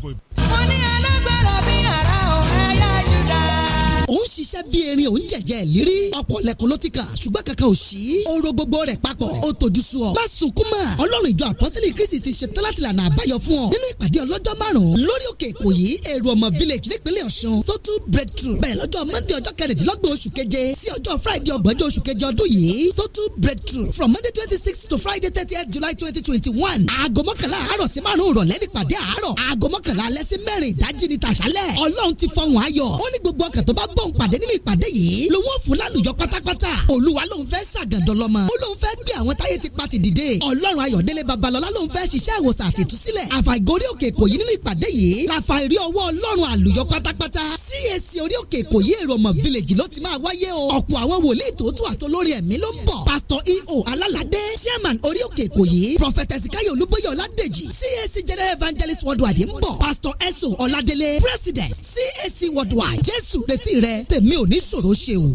ó ń ṣiṣẹ́ bí erin ò ń jẹ̀jẹ̀ lérí ọ̀pọ̀ lẹ́kùn ló ti kà ṣùgbọ́n kankan ò sí oró gbogbo rẹ̀ papọ̀ ó tòjú sú ọ. má sunkún mọ́ ọlọ́run ìjọ àpọ́sílẹ̀ kristi ti ṣe tán àbáyọ fún ọ nínú ìpàdé ọlọ́jọ́ márùn-ún lórí òkè ìkòyí èrò ọmọ village nípínlẹ̀ ọ̀ṣun sótú breakthrough bẹ̀rẹ̀ lọ́jọ́ monday ọjọ́ kẹrìndínlọ́gbọ̀n oṣù keje sí ọjọ́ friday ọgbọ̀njọ́ oṣù keje ọdún yìí sótú breakthrough from monday twenty six to friday thirtieth july twenty twenty one aago mọ́kànlá àárọ̀ sí márùn-ún ìrọ̀lẹ́ nípàdé àárọ̀ aago mọ́kànlá alẹ́ sí mẹ́rin ìdájí ni tàṣálẹ̀ ọlọ́run ti fọhùn ayọ̀ ó ní gbogbo ọkàn tó bá b tó ń pàdé nínú ìpàdé yìí lòun ò fún lálùyọ pátápátá olúwa lòun fẹ́ ṣàgàdọ̀ lọ́mọ ó lòun fẹ́ gbé àwọn táyé ti pa ti dìde ọlọ́run ayọ̀délé babalọ́lá lòun fẹ́ ṣiṣẹ́ ìwòsàn àtìtúsílẹ̀ àfàìgórí òkè ìkòyí nínú ìpàdé yìí làfà ìrí ọwọ́ ọlọ́run àlùyọ pátápátá CAC orí òkè ìkòyí èrò ọmọ village ló ti máa wáyé o ọ̀pọ̀ e chairman orí òkè prophet ezekiel olúbóyè ọládèjì CAC general evangelist worldwide ń bọ̀ pastor eso ọládélé president CAC worldwide jésù retí rẹ rẹ tèmi ò ní ṣòro ṣe o.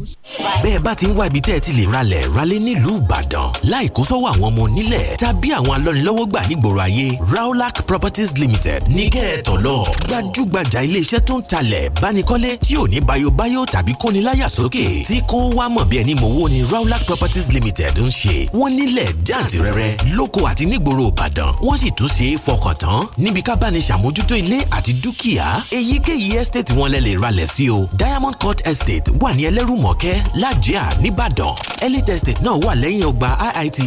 bẹ́ẹ̀ bá ti ń wá ibi tẹ́ ẹ ti lè ralẹ̀ ralé nílùú Ìbàdàn láì kó sọ́wọ́ àwọn ọmọ onílẹ̀ tàbí àwọn alọ́nilọ́wọ́ gbà nígboro ayé Raulac Properties Limited ní kẹ́ẹ̀tọ́ lọ gbajúgbajà iléeṣẹ́ tó ń talẹ̀ bánikọ́lé tí ò ní bayobayo tàbí kóniláyà sókè tí kò wá mọ̀ bí ẹni mọ̀wó ni Raulac Properties Limited ń ṣe wọ́n nílẹ̀ jàǹtìrẹrẹ lóko àti nígboro Ìbàdàn wọ́n sì tún ṣe é fọkàn tán níbi ká bá ní ṣàmójútó estate wọn lẹ lè ralẹ̀ sí Diamond court estate wà ní ẹlẹ́rùmọ̀kẹ́ lájẹ́à nìbàdàn elite estate náà wà lẹ́yìn ọgbà IITA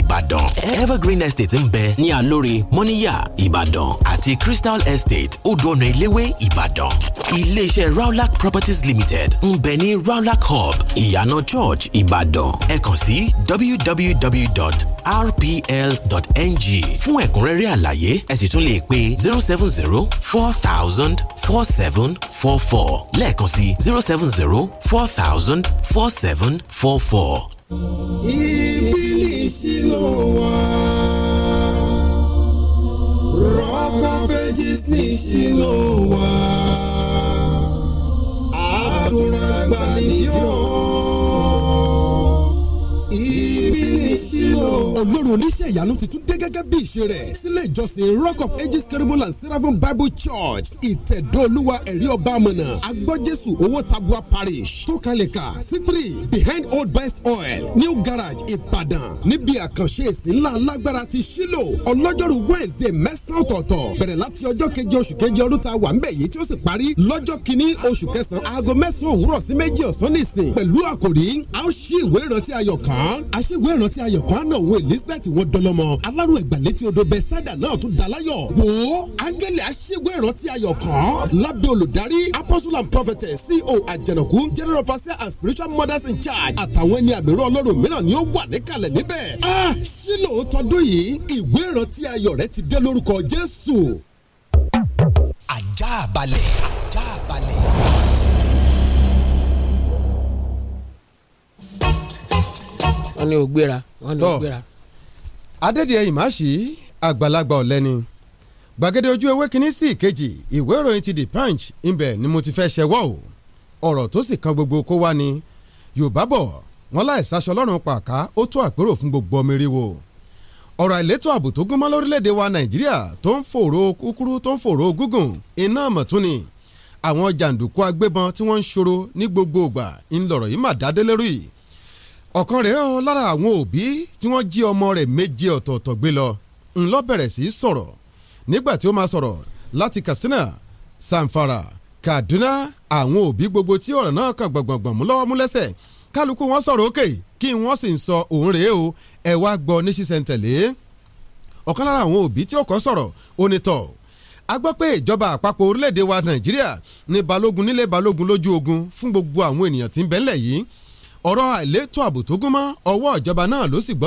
ìbàdàn evergreen estate ń bẹ ní alórí mọ́níyà ìbàdàn àti crystal estate odòọ̀nà ìléwé ìbàdàn iléeṣẹ́ Rawlac properties limited ń bẹ ní Rawlac hub ìyànà church ìbàdàn ẹ kàn sí www rpl.ng fún ẹ̀kúnrẹ́rẹ́ àlàyé ẹ sì tún lè pe zero seven zero four thousand four seven four four lẹ́ẹ̀kan sí zero seven zero four thousand four seven four four. ìbílẹ̀ ìṣìlò wa rọ́kọ̀ fẹ́jì ní ìṣìlò wa àdúrà gbà ni yóò. ọlọ́run oníṣẹ́ ìyanu ti tún dé gẹ́gẹ́ bí ìṣe rẹ̀ sílé ìjọsìn rock of ages kerimola and seraphim bible church ìtẹ̀dọ́olúwa ẹ̀rí ọba àmọ̀nà agbọ́jésù owó tabua parish tókàlẹ̀ka citri behind old best oil new garage ìbàdàn níbi àkànṣe ìsìn ńlá alágbára ti ṣílò ọlọ́jọ́rú wẹ́ẹ̀sì mẹ́sàn-án ọ̀tọ̀ọ̀tọ̀ bẹ̀rẹ̀ láti ọjọ́ keje oṣù keje ọdún tá a wà ń bẹ̀ yìí tí ó sì parí lọ́jọ́ kìíní oṣù kẹsàn-án aago mẹ́sàn-án òwúrọ̀ sí méjì ọ̀sán nìsín pẹ̀lú àkòrí a gómìnà òun elizabeth wọn dọlọmọ alárò ẹgbàlétí odò bẹsẹdà náà tún dalayọ wò áńgẹ́lì aṣẹ́gun ẹ̀rọ tí ayọ̀ kàn lábẹ́ olùdarí apostle and prophet, ceo àjànàkú general pastor and spiritual mothers in charge àtàwọn ẹni àmìrán ọlọ́run mìíràn ni ó wà níkàlẹ̀ níbẹ̀ ah sílò tọdún yìí ìwé ìrántí ayọ̀ rẹ ti dé lórúkọ jésù. ajá balẹ̀ ajá balẹ̀. wọ́n ní ó gbéra wọ́n ní ó gbéra. adédìẹ ìmáṣí àgbàlagbà ọ̀lẹ́ni gbàgede ojú ewé kínní sí ìkejì ìwé ìròyìn ti the punch ibẹ̀ ni mo ti fẹ́ ṣẹwọ́ o ọ̀rọ̀ tó sì kan gbogbo kó wá ni yorùbá bọ̀ wọ́n láì sáṣọ ọlọ́run pàká ó tó àpérò fún gbogbo ọmọ eré wo ọ̀rọ̀ àìletò ààbò tó gúnmọ́ lórílẹ̀‐èdè wa nàìjíríà tó ń fòrò kúkúrú tó ń fòrò gúngùn iná mọ̀tún ni àwọn jàǹdùkú agbébọn tí wọ́n ń ṣòro ní gbogbo ìgbà ń yìí mà dádélérú yìí ọ̀kan rẹ̀ ọ́ lára àwọn òbí tí wọ́n jí ọmọ rẹ̀ méje ọ̀tọ̀ọ̀tọ̀ gbé lọ ńlọ bẹ̀rẹ̀ sí í sọ̀rọ̀ nígbà tí ó máa sọ̀rọ̀ láti Katsina Samfara Kaduna àwọn òbí gbogbo tí ọ̀rọ̀ náà kàn gbọ̀ngbọ̀ngbọ̀n mú lọ́wọ́ mú lẹ́sẹ̀ kálukú wọn sọ̀rọ̀ òkè kí wọ́n sì ń sọ òun rèé o ẹ̀ wá gbọ́ ní sísẹ̀ntẹ̀lé ọ̀kan lára àwọn òbí tí ó kọ́ sọ̀rọ̀ onítọ̀ a gbọ́ pé ìjọba àpapọ̀ orílẹ̀-èdè wa Nàìjíríà ní balógun nílé balógun lójú ogun fún gbogbo àwọn ènìyàn tí ń bẹ́ńlẹ̀ yìí ọ̀rọ̀ àìlétò ààbò tó gúnmọ́ ọwọ́ ìjọba náà ló sì gbọ́